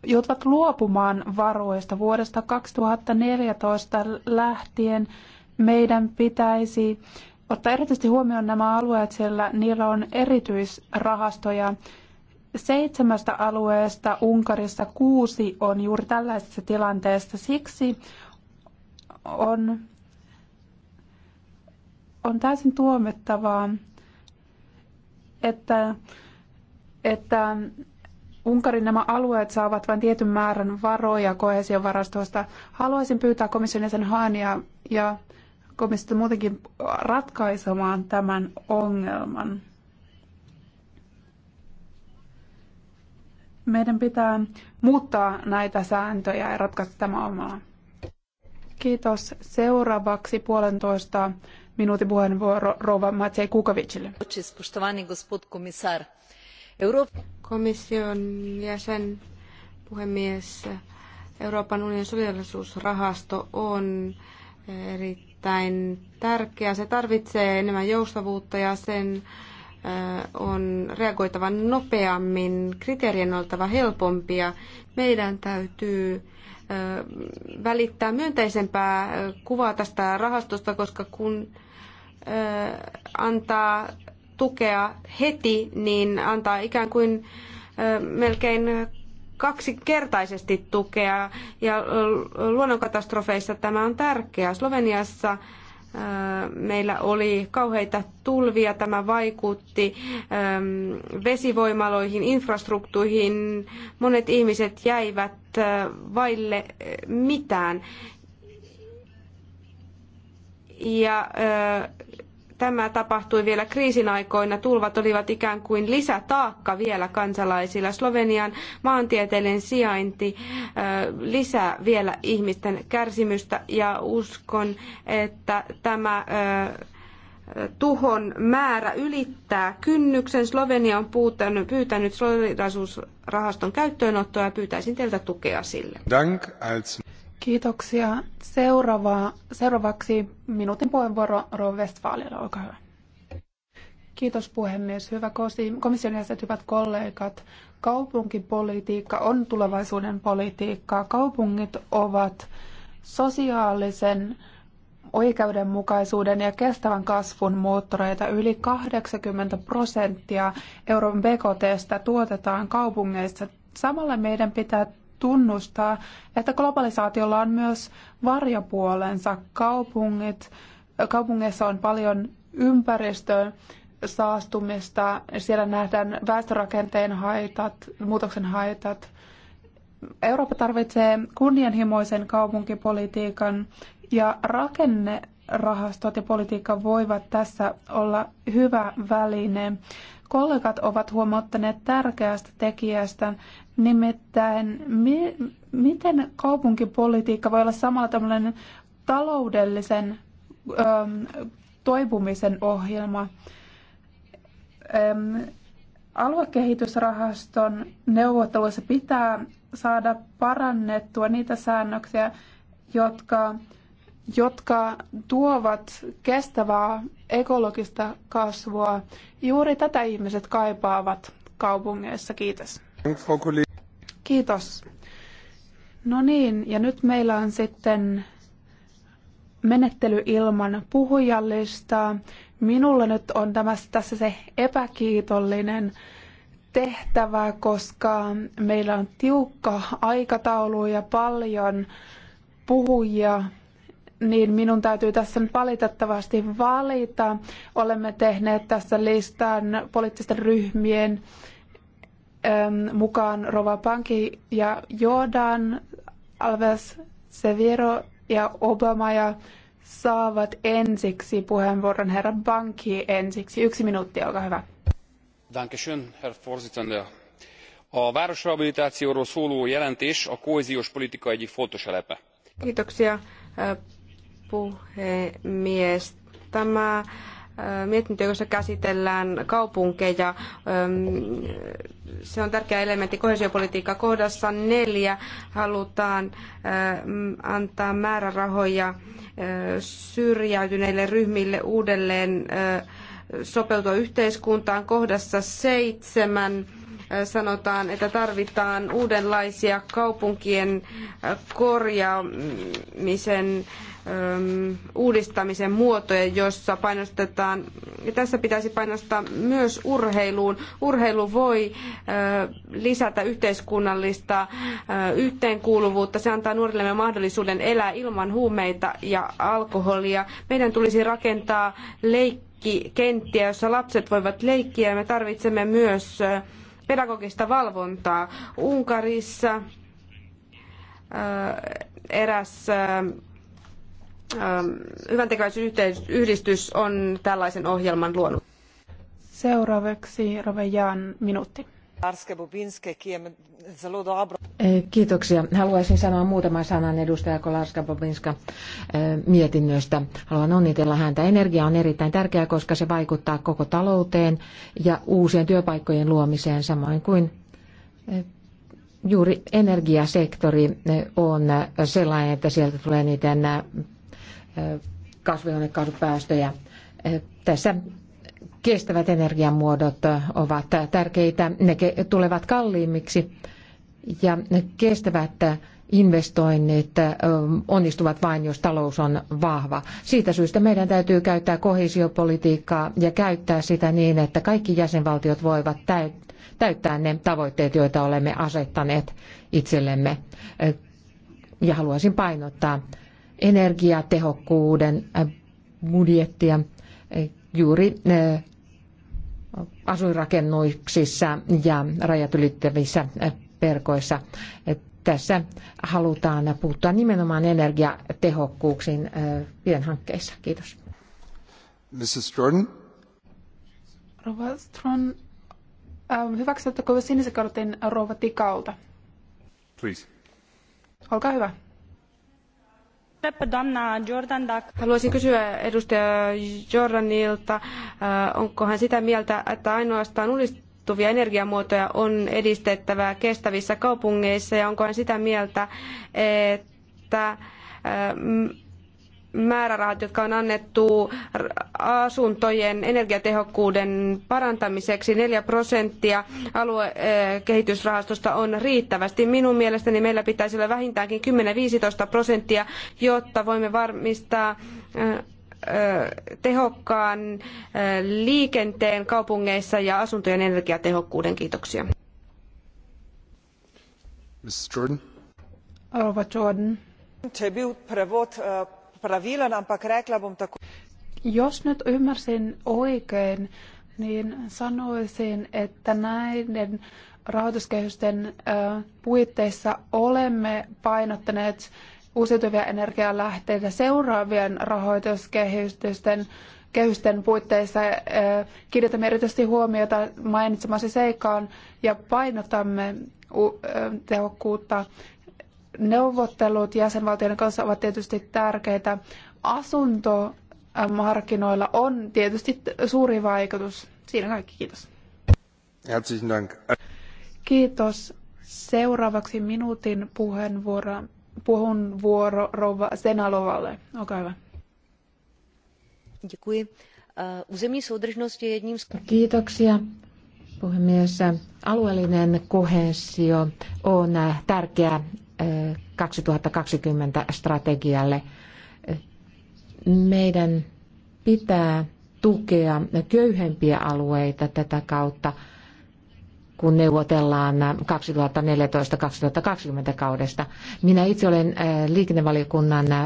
Speaker 7: joutuvat luopumaan varoista. Vuodesta 2014 lähtien meidän pitäisi ottaa erityisesti huomioon nämä alueet, sillä niillä on erityisrahastoja. Seitsemästä alueesta Unkarissa kuusi on juuri tällaisessa tilanteessa. Siksi on, on täysin tuomittavaa, että, että Unkarin nämä alueet saavat vain tietyn määrän varoja varastoista. Haluaisin pyytää komission jäsen Haania ja komissiota muutenkin ratkaisemaan tämän ongelman. Meidän pitää muuttaa näitä sääntöjä ja ratkaista tämä ongelma. Kiitos. Seuraavaksi puolentoista minuutin puheenvuoro Rova Matsei Kukovicille.
Speaker 1: Komission
Speaker 6: jäsen puhemies, Euroopan unionin solidarisuusrahasto on erittäin tärkeä. Se tarvitsee enemmän joustavuutta ja sen on reagoitava nopeammin, kriteerien on oltava helpompia. Meidän täytyy välittää myönteisempää kuvaa tästä rahastosta, koska kun antaa tukea heti, niin antaa ikään kuin melkein kaksinkertaisesti tukea ja luonnonkatastrofeissa tämä on tärkeää. Sloveniassa meillä oli kauheita tulvia, tämä vaikutti ähm, vesivoimaloihin, infrastruktuihin, monet ihmiset jäivät äh, vaille äh, mitään. Ja äh, tämä tapahtui vielä kriisin aikoina. Tulvat olivat ikään kuin lisätaakka vielä kansalaisilla. Slovenian maantieteellinen sijainti lisää vielä ihmisten kärsimystä ja uskon, että tämä tuhon määrä ylittää kynnyksen. Slovenia on pyytänyt solidaisuusrahaston käyttöönottoa ja pyytäisin teiltä tukea sille.
Speaker 5: Dank als
Speaker 7: Kiitoksia. Seuraava, seuraavaksi minuutin puheenvuoro Rove Westfalille, olkaa hyvä. Kiitos puhemies. Hyvä komission jäsenet, hyvät kollegat. Kaupunkipolitiikka on tulevaisuuden politiikkaa. Kaupungit ovat sosiaalisen oikeudenmukaisuuden ja kestävän kasvun moottoreita. Yli 80 prosenttia euron BKTstä tuotetaan kaupungeissa. Samalla meidän pitää tunnustaa, että globalisaatiolla on myös varjapuolensa. Kaupungit, kaupungeissa on paljon ympäristöä, saastumista, siellä nähdään väestörakenteen haitat, muutoksen haitat. Eurooppa tarvitsee kunnianhimoisen kaupunkipolitiikan ja rakennerahastot ja politiikka voivat tässä olla hyvä väline. Kollegat ovat huomauttaneet tärkeästä tekijästä, Nimittäin, mi- miten kaupunkipolitiikka voi olla samalla tämmöinen taloudellisen ö, toipumisen ohjelma? Ö, aluekehitysrahaston neuvotteluissa pitää saada parannettua niitä säännöksiä, jotka, jotka tuovat kestävää ekologista kasvua. Juuri tätä ihmiset kaipaavat kaupungeissa. Kiitos. Kiitos. No niin, ja nyt meillä on sitten menettely ilman puhujallista. Minulla nyt on tässä se epäkiitollinen tehtävä, koska meillä on tiukka aikataulu ja paljon puhujia, niin minun täytyy tässä nyt valitettavasti valita. Olemme tehneet tässä listan poliittisten ryhmien Ähm, mukaan Rova Panki ja Jordan, Alves Severo ja Obama ja saavat ensiksi puheenvuoron herra Banki ensiksi. Yksi minuutti, olkaa hyvä. Dankeschön, herr Vorsitzender. A városrehabilitációról szóló jelentés a kohéziós politika egyik fontos elepe. Kiitoksia,
Speaker 6: puhemies. Tämä mietintö, jossa käsitellään kaupunkeja. Se on tärkeä elementti koheesiopolitiikkaa. Kohdassa neljä halutaan antaa määrärahoja syrjäytyneille ryhmille uudelleen sopeutua yhteiskuntaan. Kohdassa seitsemän sanotaan, että tarvitaan uudenlaisia kaupunkien korjaamisen uudistamisen muotoja, jossa painostetaan, ja tässä pitäisi painostaa myös urheiluun. Urheilu voi lisätä yhteiskunnallista yhteenkuuluvuutta. Se antaa nuorillemme mahdollisuuden elää ilman huumeita ja alkoholia. Meidän tulisi rakentaa leikkikenttiä, jossa lapset voivat leikkiä. Me tarvitsemme myös pedagogista valvontaa. Unkarissa äh, eräs äh, hyväntekeväisyysyhdistys on tällaisen ohjelman luonut.
Speaker 7: Seuraavaksi Rove minuutti.
Speaker 3: E, kiitoksia. Haluaisin sanoa muutaman sanan edustaja Kolarska Bobinska e, mietinnöstä. Haluan onnitella häntä. Energia on erittäin tärkeää, koska se vaikuttaa koko talouteen ja uusien työpaikkojen luomiseen, samoin kuin e, juuri energiasektori on sellainen, että sieltä tulee niiden kasvihuonekaasupäästöjä. Tässä kestävät energiamuodot ovat tärkeitä. Ne tulevat kalliimmiksi ja kestävät investoinnit onnistuvat vain, jos talous on vahva. Siitä syystä meidän täytyy käyttää koheesiopolitiikkaa ja käyttää sitä niin, että kaikki jäsenvaltiot voivat täyttää ne tavoitteet, joita olemme asettaneet itsellemme. Ja haluaisin painottaa energiatehokkuuden budjettia juuri asuinrakennuksissa ja rajat ylittävissä perkoissa. Tässä halutaan puuttua nimenomaan energiatehokkuuksiin
Speaker 7: äh, pienhankkeissa. Kiitos.
Speaker 5: Mrs. Jordan.
Speaker 7: Rova Stron, ähm, hyväksyttekö sinisen kortin Rova Tikalta? Please. Olkaa hyvä.
Speaker 6: Haluaisin kysyä edustaja Jordanilta, äh, onko hän sitä mieltä, että ainoastaan uudistuvia energiamuotoja on edistettävä kestävissä kaupungeissa ja onko hän sitä mieltä, että äh, määrärahat, jotka on annettu asuntojen energiatehokkuuden parantamiseksi, neljä prosenttia aluekehitysrahastosta on riittävästi. Minun mielestäni meillä pitäisi olla vähintäänkin 10-15 prosenttia, jotta voimme varmistaa tehokkaan liikenteen kaupungeissa ja asuntojen energiatehokkuuden. Kiitoksia.
Speaker 4: Mrs. Jordan.
Speaker 7: Rouva Jordan.
Speaker 2: Če je pravilen, ampak rekla bom tako.
Speaker 7: Jos nyt ymmärsin oikein, niin sanoisin, että näiden rahoituskehysten puitteissa olemme painottaneet uusiutuvia energialähteitä seuraavien rahoituskehysten kehysten puitteissa kiinnitämme erityisesti huomiota mainitsemasi seikkaan ja painotamme tehokkuutta. Neuvottelut jäsenvaltioiden kanssa ovat tietysti tärkeitä. Asuntomarkkinoilla ähm, on tietysti suuri vaikutus. Siinä kaikki, kiitos.
Speaker 5: Herzlichen Dank.
Speaker 7: Kiitos. Seuraavaksi minuutin puheenvuoro, puheenvuoro rouva Senalovalle. Olkaa hyvä. Eh,
Speaker 3: jedním Kiitoksia puhemies. Alueellinen kohesio on eh, tärkeä 2020 strategialle. Meidän pitää tukea köyhempiä alueita tätä kautta, kun neuvotellaan 2014-2020 kaudesta. Minä itse olen äh, liikennevaliokunnan äh,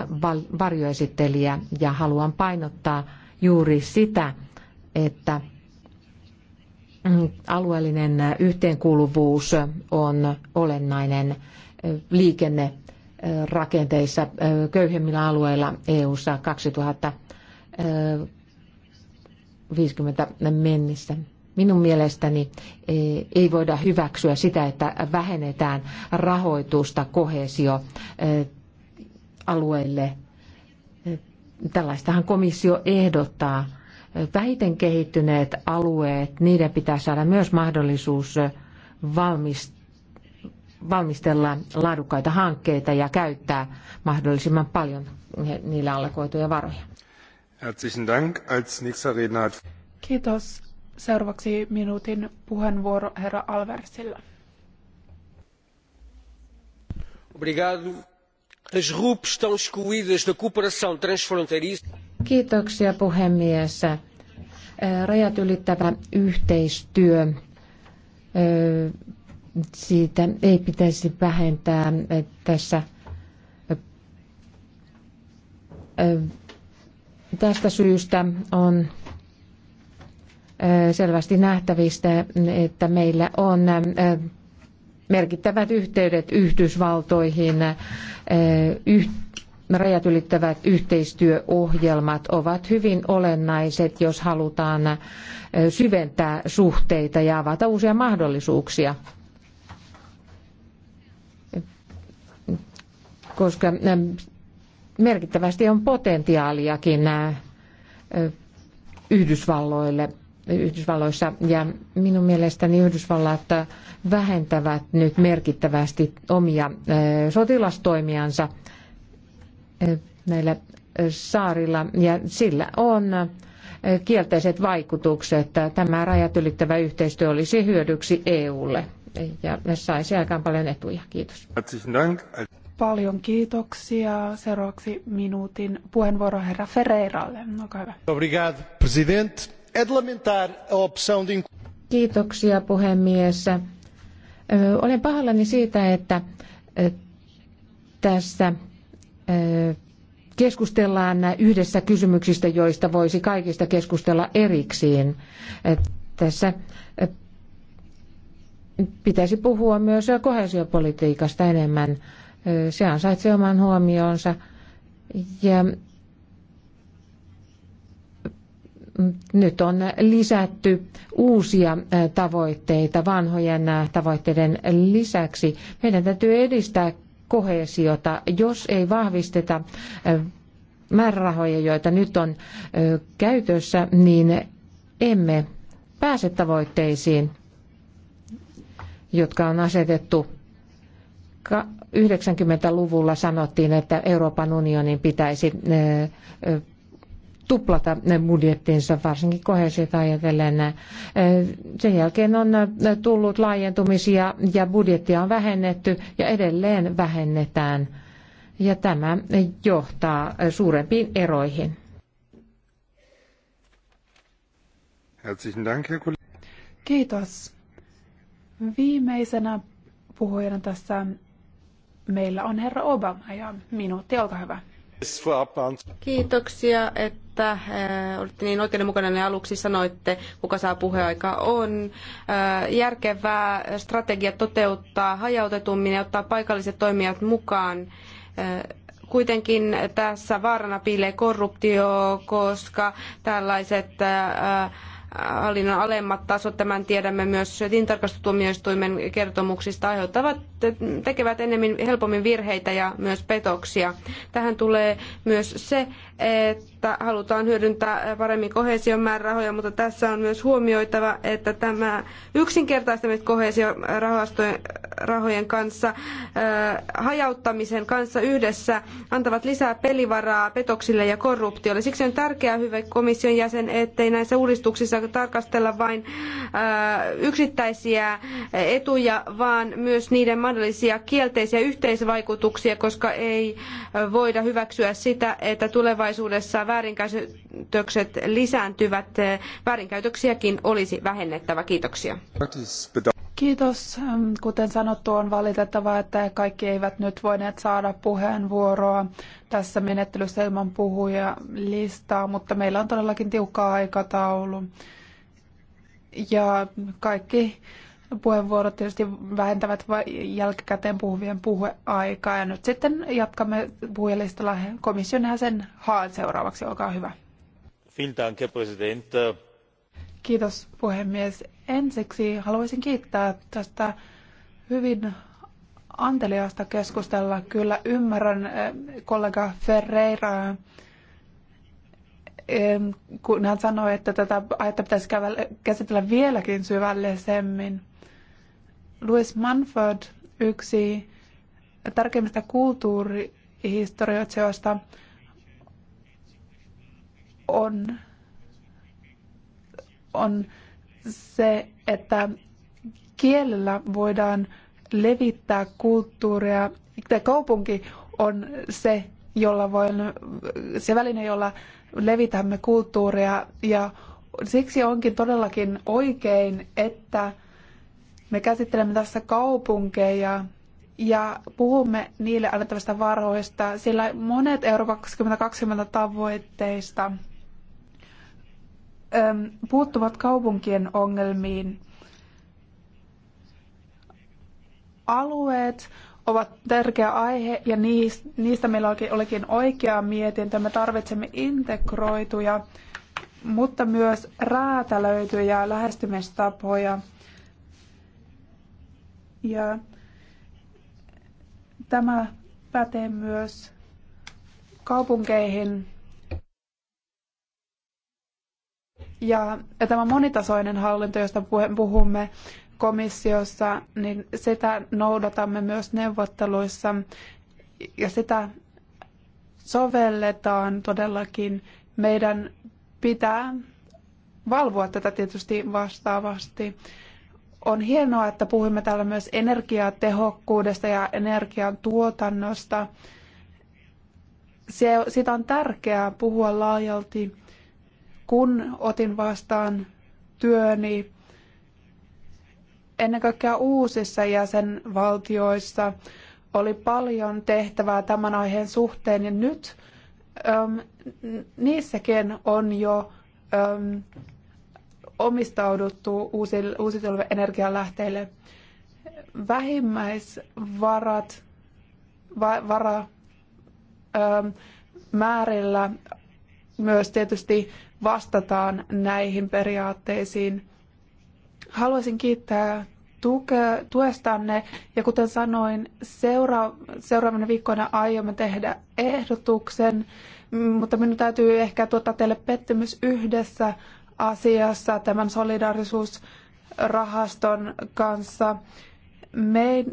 Speaker 3: varjoesittelijä ja haluan painottaa juuri sitä, että mm, alueellinen äh, yhteenkuuluvuus on olennainen liikennerakenteissa äh, äh, köyhemmillä alueilla EU-ssa 2050 äh, mennessä. Minun mielestäni ei voida hyväksyä sitä, että vähennetään rahoitusta kohesio alueille. Tällaistahan komissio ehdottaa. Vähiten kehittyneet alueet, niiden pitää saada myös mahdollisuus valmistaa valmistella laadukkaita hankkeita ja käyttää mahdollisimman paljon
Speaker 7: niillä allokoituja varoja.
Speaker 5: Herzlichen Dank. Als nächster Redner hat...
Speaker 7: Kiitos. Seuraavaksi minuutin puheenvuoro herra Alversilla.
Speaker 2: Obrigado. As RUP estão excluídas da cooperação transfronteiriça.
Speaker 3: Kiitoksia puhemies. Rajat ylittävä yhteistyö siitä ei pitäisi vähentää tässä tästä syystä on selvästi nähtävistä, että meillä on merkittävät yhteydet Yhdysvaltoihin. Rajat ylittävät yhteistyöohjelmat ovat hyvin olennaiset, jos halutaan syventää suhteita ja avata uusia mahdollisuuksia koska merkittävästi on potentiaaliakin Yhdysvalloille Yhdysvalloissa ja minun mielestäni Yhdysvallat vähentävät nyt merkittävästi omia sotilastoimiansa näillä saarilla ja sillä on kielteiset vaikutukset. Tämä rajat ylittävä yhteistyö olisi hyödyksi EUlle ja saisi aikaan paljon etuja.
Speaker 5: Kiitos.
Speaker 7: Paljon kiitoksia. Seuraavaksi minuutin puheenvuoro herra Ferreiralle. Olkaa hyvä.
Speaker 5: Obrigado, president.
Speaker 2: opção de...
Speaker 7: Kiitoksia puhemies. Olen
Speaker 3: pahallani siitä, että tässä keskustellaan yhdessä kysymyksistä, joista voisi kaikista keskustella erikseen. Tässä pitäisi puhua myös kohesiopolitiikasta enemmän. Se ansaitsee oman huomionsa. Ja nyt on lisätty uusia tavoitteita vanhojen tavoitteiden lisäksi. Meidän täytyy edistää koheesiota, jos ei vahvisteta määrärahoja, joita nyt on käytössä, niin emme pääse tavoitteisiin, jotka on asetettu 90-luvulla sanottiin, että Euroopan unionin pitäisi eh, eh, tuplata budjettinsa, varsinkin kohesiota ajatellen. Eh, sen jälkeen on tullut laajentumisia ja budjettia on vähennetty ja edelleen vähennetään. Ja tämä johtaa suurempiin eroihin.
Speaker 7: Kiitos. Viimeisenä puhujana tässä meillä on herra Obama ja minuutti, olkaa hyvä. Kiitoksia, että äh, olitte niin oikeudenmukainen ja aluksi sanoitte,
Speaker 6: kuka saa puheaikaa. On äh, järkevää strategia toteuttaa hajautetummin ja ottaa paikalliset toimijat mukaan. Äh, kuitenkin tässä vaarana piilee korruptio, koska tällaiset äh, hallinnon alemmat tasot, tämän tiedämme myös tintarkastustuomioistuimen kertomuksista, aiheuttavat, tekevät enemmän helpommin virheitä ja myös petoksia. Tähän tulee myös se, että että halutaan hyödyntää paremmin kohesion määrärahoja, mutta tässä on myös huomioitava, että tämä yksinkertaistamiset rahojen kanssa, äh, hajauttamisen kanssa yhdessä antavat lisää pelivaraa petoksille ja korruptiolle. Siksi on tärkeää, hyvä komission jäsen, ettei näissä uudistuksissa tarkastella vain äh, yksittäisiä etuja, vaan myös niiden mahdollisia kielteisiä yhteisvaikutuksia, koska ei äh, voida hyväksyä sitä, että tulevaisuudessa väärinkäytökset lisääntyvät, väärinkäytöksiäkin olisi vähennettävä. Kiitoksia.
Speaker 7: Kiitos. Kuten sanottu, on valitettavaa, että kaikki eivät nyt voineet saada puheenvuoroa tässä menettelyssä ilman puhuja listaa, mutta meillä on todellakin tiukka aikataulu. Ja kaikki puheenvuorot tietysti vähentävät jälkikäteen puhuvien puheaikaa. Ja nyt sitten jatkamme puhujalistalla komission sen Haan seuraavaksi. Olkaa hyvä. Kiitos puhemies. Ensiksi haluaisin kiittää tästä hyvin anteliaasta keskustella. Kyllä ymmärrän eh, kollega Ferreira, kun hän sanoi, että tätä aihetta pitäisi käsitellä vieläkin syvällisemmin. Louis Manford, yksi tärkeimmistä kulttuurihistorioitsijoista, on, on se, että kielellä voidaan levittää kulttuuria. Tämä kaupunki on se, jolla voi, se väline, jolla levitämme kulttuuria ja siksi onkin todellakin oikein, että me käsittelemme tässä kaupunkeja ja puhumme niille annettavista varoista, sillä monet Euroopan 2020 tavoitteista ähm, puuttuvat kaupunkien ongelmiin. Alueet ovat tärkeä aihe ja niistä meillä olikin oikea mietintö. Me tarvitsemme integroituja, mutta myös räätälöityjä lähestymistapoja. Ja tämä pätee myös kaupunkeihin. Ja tämä monitasoinen hallinto, josta puhumme komissiossa, niin sitä noudatamme myös neuvotteluissa ja sitä sovelletaan todellakin. Meidän pitää valvoa tätä tietysti vastaavasti. On hienoa, että puhumme täällä myös energiatehokkuudesta ja energian tuotannosta. sitä on tärkeää puhua laajalti. Kun otin vastaan työni ennen kaikkea uusissa jäsenvaltioissa, oli paljon tehtävää tämän aiheen suhteen ja nyt äm, niissäkin on jo äm, omistauduttu uusille energialähteille. Vähimmäisvarat va, vara, ö, määrillä myös tietysti vastataan näihin periaatteisiin. Haluaisin kiittää tuke, tuestanne ja kuten sanoin, seura, seuraavana viikkoina aiomme tehdä ehdotuksen, mutta minun täytyy ehkä tuottaa teille pettymys yhdessä asiassa tämän solidaarisuusrahaston kanssa. Me,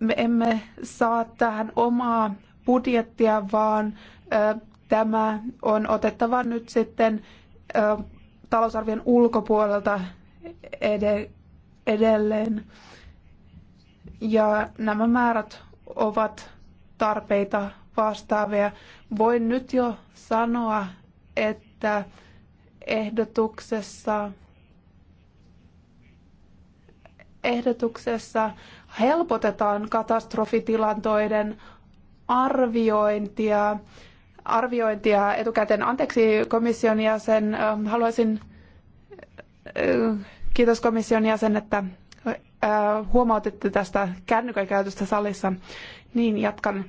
Speaker 7: me emme saa tähän omaa budjettia, vaan ö, tämä on otettava nyt sitten ö, talousarvion ulkopuolelta ed- edelleen. Ja nämä määrät ovat tarpeita vastaavia. Voin nyt jo sanoa, että ehdotuksessa ehdotuksessa helpotetaan katastrofitilantoiden arviointia, arviointia etukäteen. Anteeksi komission jäsen, äh, haluaisin, äh, kiitos komission jäsen, että äh, huomautitte tästä kännykän käytöstä salissa. Niin, jatkan.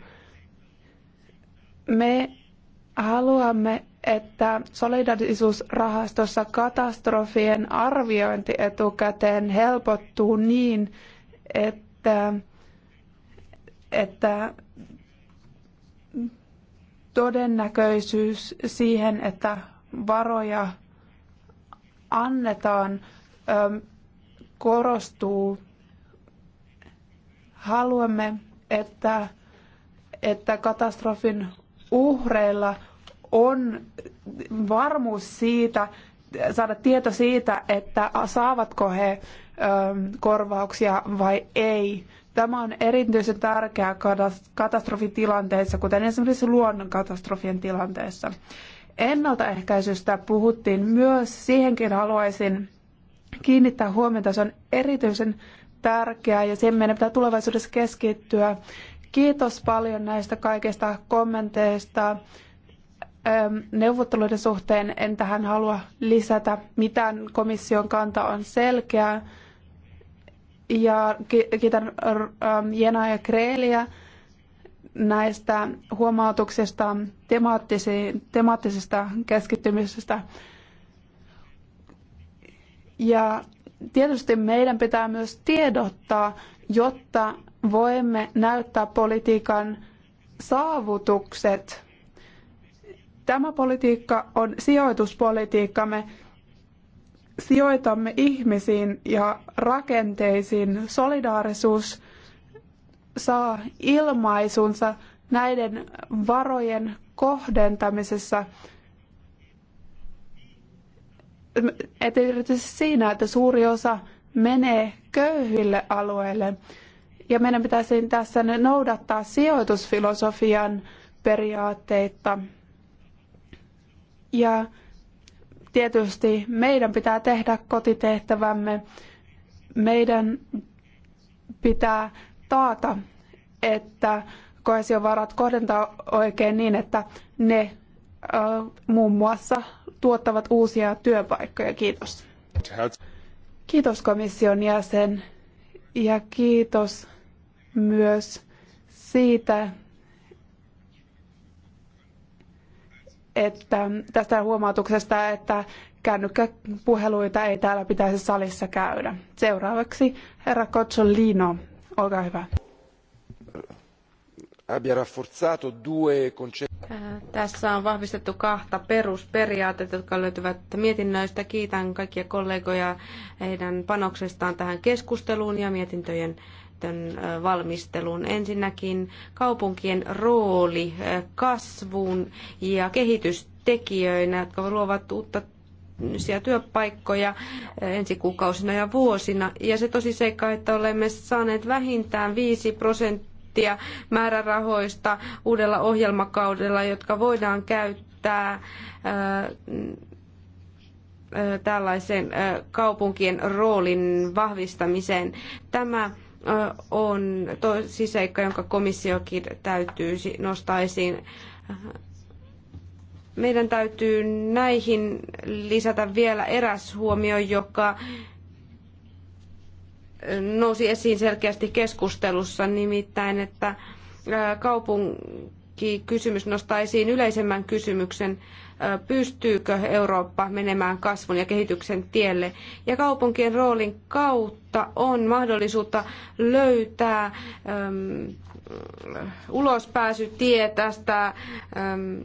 Speaker 7: Me haluamme että solidarisuusrahastossa katastrofien arviointi etukäteen helpottuu niin, että, että todennäköisyys siihen, että varoja annetaan, korostuu. Haluamme, että, että katastrofin uhreilla on varmuus siitä, saada tieto siitä, että saavatko he ähm, korvauksia vai ei. Tämä on erityisen tärkeää katastrofitilanteissa, kuten esimerkiksi luonnonkatastrofien tilanteessa. Ennaltaehkäisystä puhuttiin myös, siihenkin haluaisin kiinnittää huomiota. Se on erityisen tärkeää ja siihen meidän pitää tulevaisuudessa keskittyä. Kiitos paljon näistä kaikista kommenteista neuvotteluiden suhteen en tähän halua lisätä mitään. Komission kanta on selkeä. Ja kiitän Jena ja Kreeliä näistä huomautuksista temaattisesta keskittymisestä. Ja tietysti meidän pitää myös tiedottaa, jotta voimme näyttää politiikan saavutukset Tämä politiikka on sijoituspolitiikkamme. Sijoitamme ihmisiin ja rakenteisiin. Solidaarisuus saa ilmaisunsa näiden varojen kohdentamisessa et erityisesti siinä, että suuri osa menee köyhille alueille. Ja meidän pitäisi tässä noudattaa sijoitusfilosofian periaatteita. Ja tietysti meidän pitää tehdä kotitehtävämme. Meidän pitää taata, että koesiovarat kohdentaa oikein niin, että ne muun muassa tuottavat uusia työpaikkoja. Kiitos. Kiitos komission jäsen ja kiitos myös siitä, että tästä huomautuksesta, että kännykkäpuheluita ei täällä pitäisi salissa käydä. Seuraavaksi herra Cozzolino, olkaa hyvä.
Speaker 5: Äh,
Speaker 6: tässä on vahvistettu kahta perusperiaatetta, jotka löytyvät mietinnöistä. Kiitän kaikkia kollegoja heidän panoksestaan tähän keskusteluun ja mietintöjen sitten valmisteluun. Ensinnäkin kaupunkien rooli kasvun ja kehitystekijöinä, jotka luovat uutta työpaikkoja ensi kuukausina ja vuosina. Ja se tosiseikka, että olemme saaneet vähintään 5 prosenttia määrärahoista uudella ohjelmakaudella, jotka voidaan käyttää tällaisen kaupunkien roolin vahvistamiseen. Tämä on tosi siis seikka, jonka komissiokin täytyy nostaa esiin. Meidän täytyy näihin lisätä vielä eräs huomio, joka nousi esiin selkeästi keskustelussa, nimittäin, että kaupunki kysymys nostaa esiin yleisemmän kysymyksen pystyykö Eurooppa menemään kasvun ja kehityksen tielle. Ja kaupunkien roolin kautta on mahdollisuutta löytää äm, ulospääsytie tästä äm,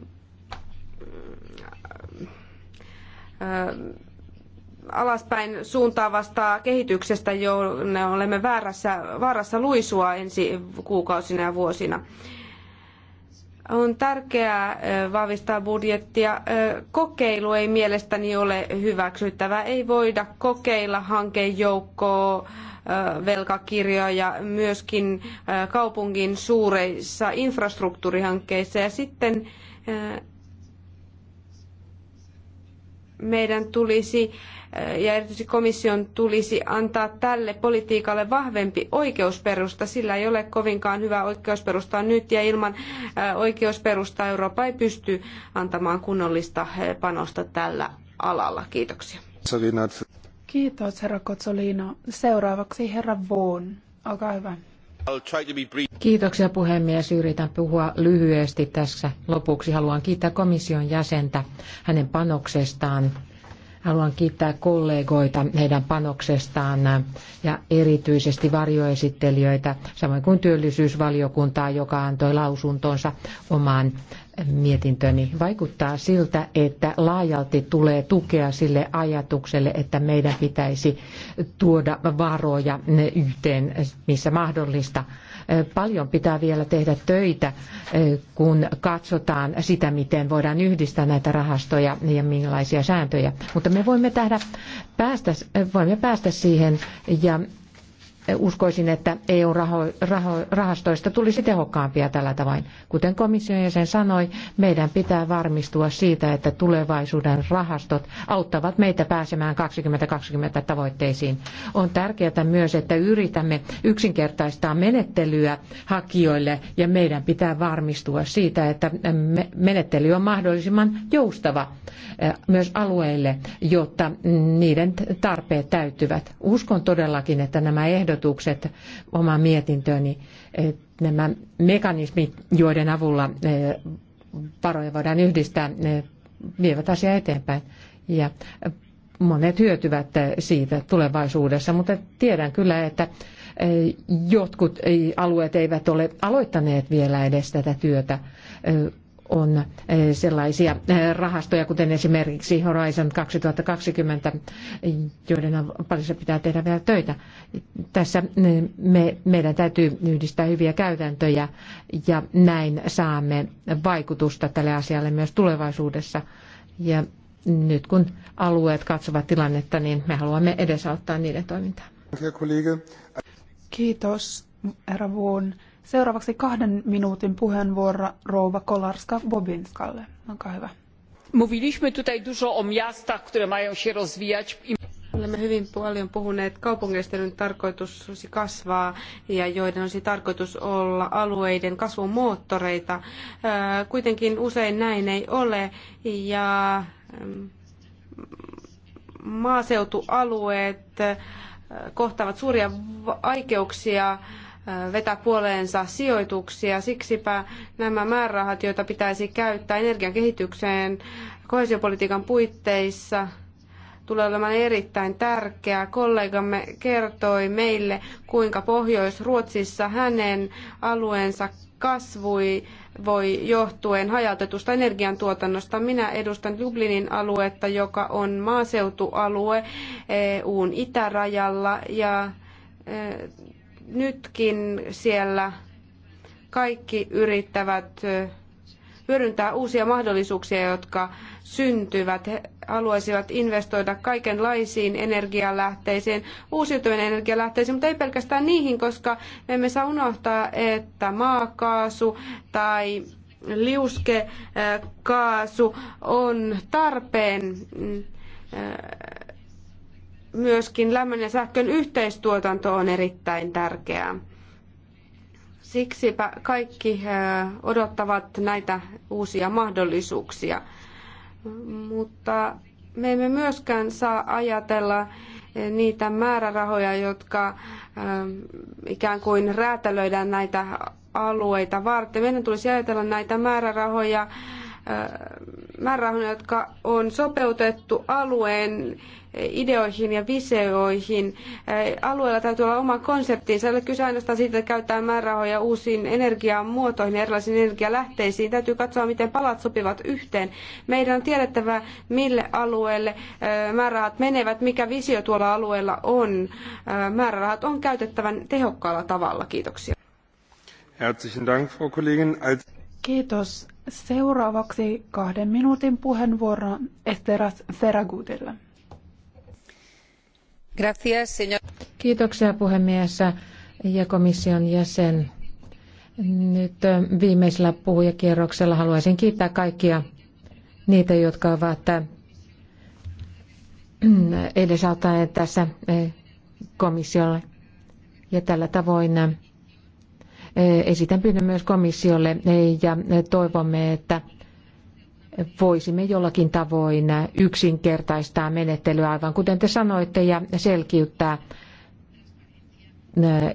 Speaker 6: alaspäin suuntaavasta kehityksestä, jonne olemme väärässä, vaarassa luisua ensi kuukausina ja vuosina. On tärkeää vahvistaa budjettia. Kokeilu ei mielestäni ole hyväksyttävää. Ei voida kokeilla hankejoukkoa velkakirjoja myöskin kaupungin suureissa infrastruktuurihankkeissa ja sitten meidän tulisi eh, ja erityisesti komission tulisi antaa tälle politiikalle vahvempi oikeusperusta. Sillä ei ole kovinkaan hyvä oikeusperusta nyt ja ilman eh, oikeusperustaa Eurooppa ei pysty antamaan kunnollista eh, panosta tällä alalla. Kiitoksia.
Speaker 7: Kiitos herra Kotsolino. Seuraavaksi herra Vaughan. Olkaa hyvä.
Speaker 3: Kiitoksia puhemies. Yritän puhua lyhyesti tässä. Lopuksi haluan kiittää komission jäsentä hänen panoksestaan. Haluan kiittää kollegoita heidän panoksestaan ja erityisesti varjoesittelijöitä, samoin kuin työllisyysvaliokuntaa, joka antoi lausuntonsa omaan mietintöni. Vaikuttaa siltä, että laajalti tulee tukea sille ajatukselle, että meidän pitäisi tuoda varoja yhteen, missä mahdollista. Paljon pitää vielä tehdä töitä, kun katsotaan sitä, miten voidaan yhdistää näitä rahastoja ja minkälaisia sääntöjä. Mutta me voimme, päästä, voimme päästä siihen ja uskoisin, että EU-rahastoista tulisi tehokkaampia tällä tavoin. Kuten komission jäsen sanoi, meidän pitää varmistua siitä, että tulevaisuuden rahastot auttavat meitä pääsemään 2020 tavoitteisiin. On tärkeää myös, että yritämme yksinkertaistaa menettelyä hakijoille ja meidän pitää varmistua siitä, että menettely on mahdollisimman joustava eh, myös alueille, jotta niiden tarpeet täyttyvät. Uskon todellakin, että nämä ehdot ehdotukset omaan mietintööni, nämä mekanismit, joiden avulla eh, varoja voidaan yhdistää, ne vievät asiaa eteenpäin. Ja monet hyötyvät eh, siitä tulevaisuudessa, mutta tiedän kyllä, että eh, jotkut alueet eivät ole aloittaneet vielä edes tätä työtä on eh, sellaisia eh, rahastoja, kuten esimerkiksi Horizon 2020, joiden se pitää tehdä vielä töitä. Tässä eh, me, meidän täytyy yhdistää hyviä käytäntöjä ja näin saamme vaikutusta tälle asialle myös tulevaisuudessa. Ja nyt kun alueet katsovat tilannetta,
Speaker 7: niin me haluamme edesauttaa niiden toimintaa. Kiitos, herra Vuon. Seuraavaksi kahden minuutin puheenvuoro rouva Kolarska-Bobinskalle. Olkaa hyvä.
Speaker 6: Mówiliśmy tutaj dużo o miastach, które mają się rozwijać. Olemme hyvin paljon puhuneet kaupungeista, joiden tarkoitus olisi kasvaa ja joiden olisi tarkoitus olla alueiden kasvumoottoreita. Kuitenkin usein näin ei ole ja maaseutualueet kohtaavat suuria vaikeuksia vetää puoleensa sijoituksia. Siksipä nämä määrärahat, joita pitäisi käyttää energian kehitykseen kohesiopolitiikan puitteissa, tulee olemaan erittäin tärkeää. Kollegamme kertoi meille, kuinka Pohjois-Ruotsissa hänen alueensa kasvui voi johtuen hajautetusta energiantuotannosta. Minä edustan Dublinin aluetta, joka on maaseutualue EUn itärajalla ja e, nytkin siellä kaikki yrittävät hyödyntää uusia mahdollisuuksia, jotka syntyvät. He haluaisivat investoida kaikenlaisiin energialähteisiin, uusiutuviin energialähteisiin, mutta ei pelkästään niihin, koska me emme saa unohtaa, että maakaasu tai liuskekaasu on tarpeen myöskin lämmön ja sähkön yhteistuotanto on erittäin tärkeää. Siksipä kaikki odottavat näitä uusia mahdollisuuksia. Mutta me emme myöskään saa ajatella niitä määrärahoja, jotka ikään kuin räätälöidään näitä alueita varten. Meidän tulisi ajatella näitä määrärahoja määrärahoja, jotka on sopeutettu alueen ideoihin ja visioihin. Alueella täytyy olla oma konseptinsa. Ei ole kyse ainoastaan siitä, että käytetään määrärahoja uusiin energiamuotoihin ja erilaisiin energialähteisiin. Täytyy katsoa, miten palat sopivat yhteen. Meidän on tiedettävä, mille alueelle määrärahat menevät, mikä visio tuolla alueella on. Määrärahat on käytettävän tehokkaalla tavalla.
Speaker 5: Kiitoksia. Herzlichen Dank, Frau Kollegin.
Speaker 7: Kiitos. Seuraavaksi kahden minuutin puheenvuoro Esteras Feragutille.
Speaker 3: Kiitoksia puhemies ja komission jäsen. Nyt viimeisellä puhujakierroksella haluaisin kiittää kaikkia niitä, jotka ovat edesauttaneet tässä komissiolle. Ja tällä tavoin Eh, esitän pyynnön myös komissiolle eh, ja eh, toivomme, että voisimme jollakin tavoin yksinkertaistaa menettelyä, aivan kuten te sanoitte, ja selkiyttää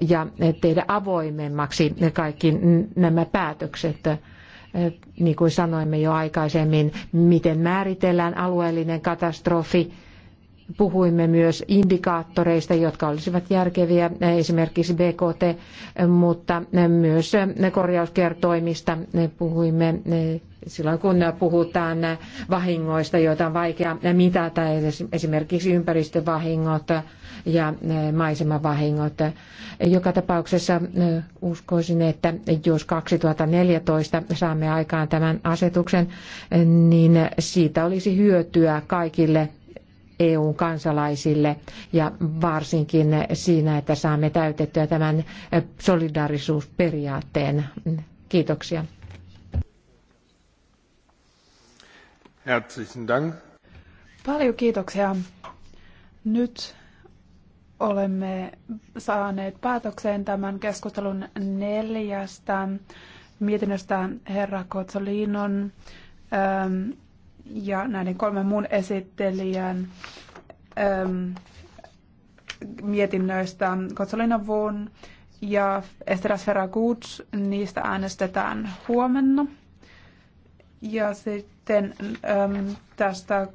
Speaker 3: ja tehdä avoimemmaksi kaikki nämä päätökset. Niin kuin sanoimme jo aikaisemmin, miten määritellään alueellinen katastrofi, Puhuimme myös indikaattoreista, jotka olisivat järkeviä, esimerkiksi BKT, mutta myös korjauskertoimista puhuimme silloin, kun puhutaan vahingoista, joita on vaikea mitata, esimerkiksi ympäristövahingot ja maisemavahingot. Joka tapauksessa uskoisin, että jos 2014 saamme aikaan tämän asetuksen, niin siitä olisi hyötyä kaikille EUn kansalaisille ja varsinkin siinä, että saamme täytettyä tämän solidaarisuusperiaatteen. Kiitoksia.
Speaker 5: Herzlichen Dank.
Speaker 7: Paljon kiitoksia. Nyt olemme saaneet päätökseen tämän keskustelun neljästä mietinnöstä herra Kotsolinon ähm, ja näiden kolmen muun esittelijän äm, mietinnöistä Kotsalina Vuon ja Esteras Ferragut, niistä äänestetään huomenna. Ja sitten äm, tästä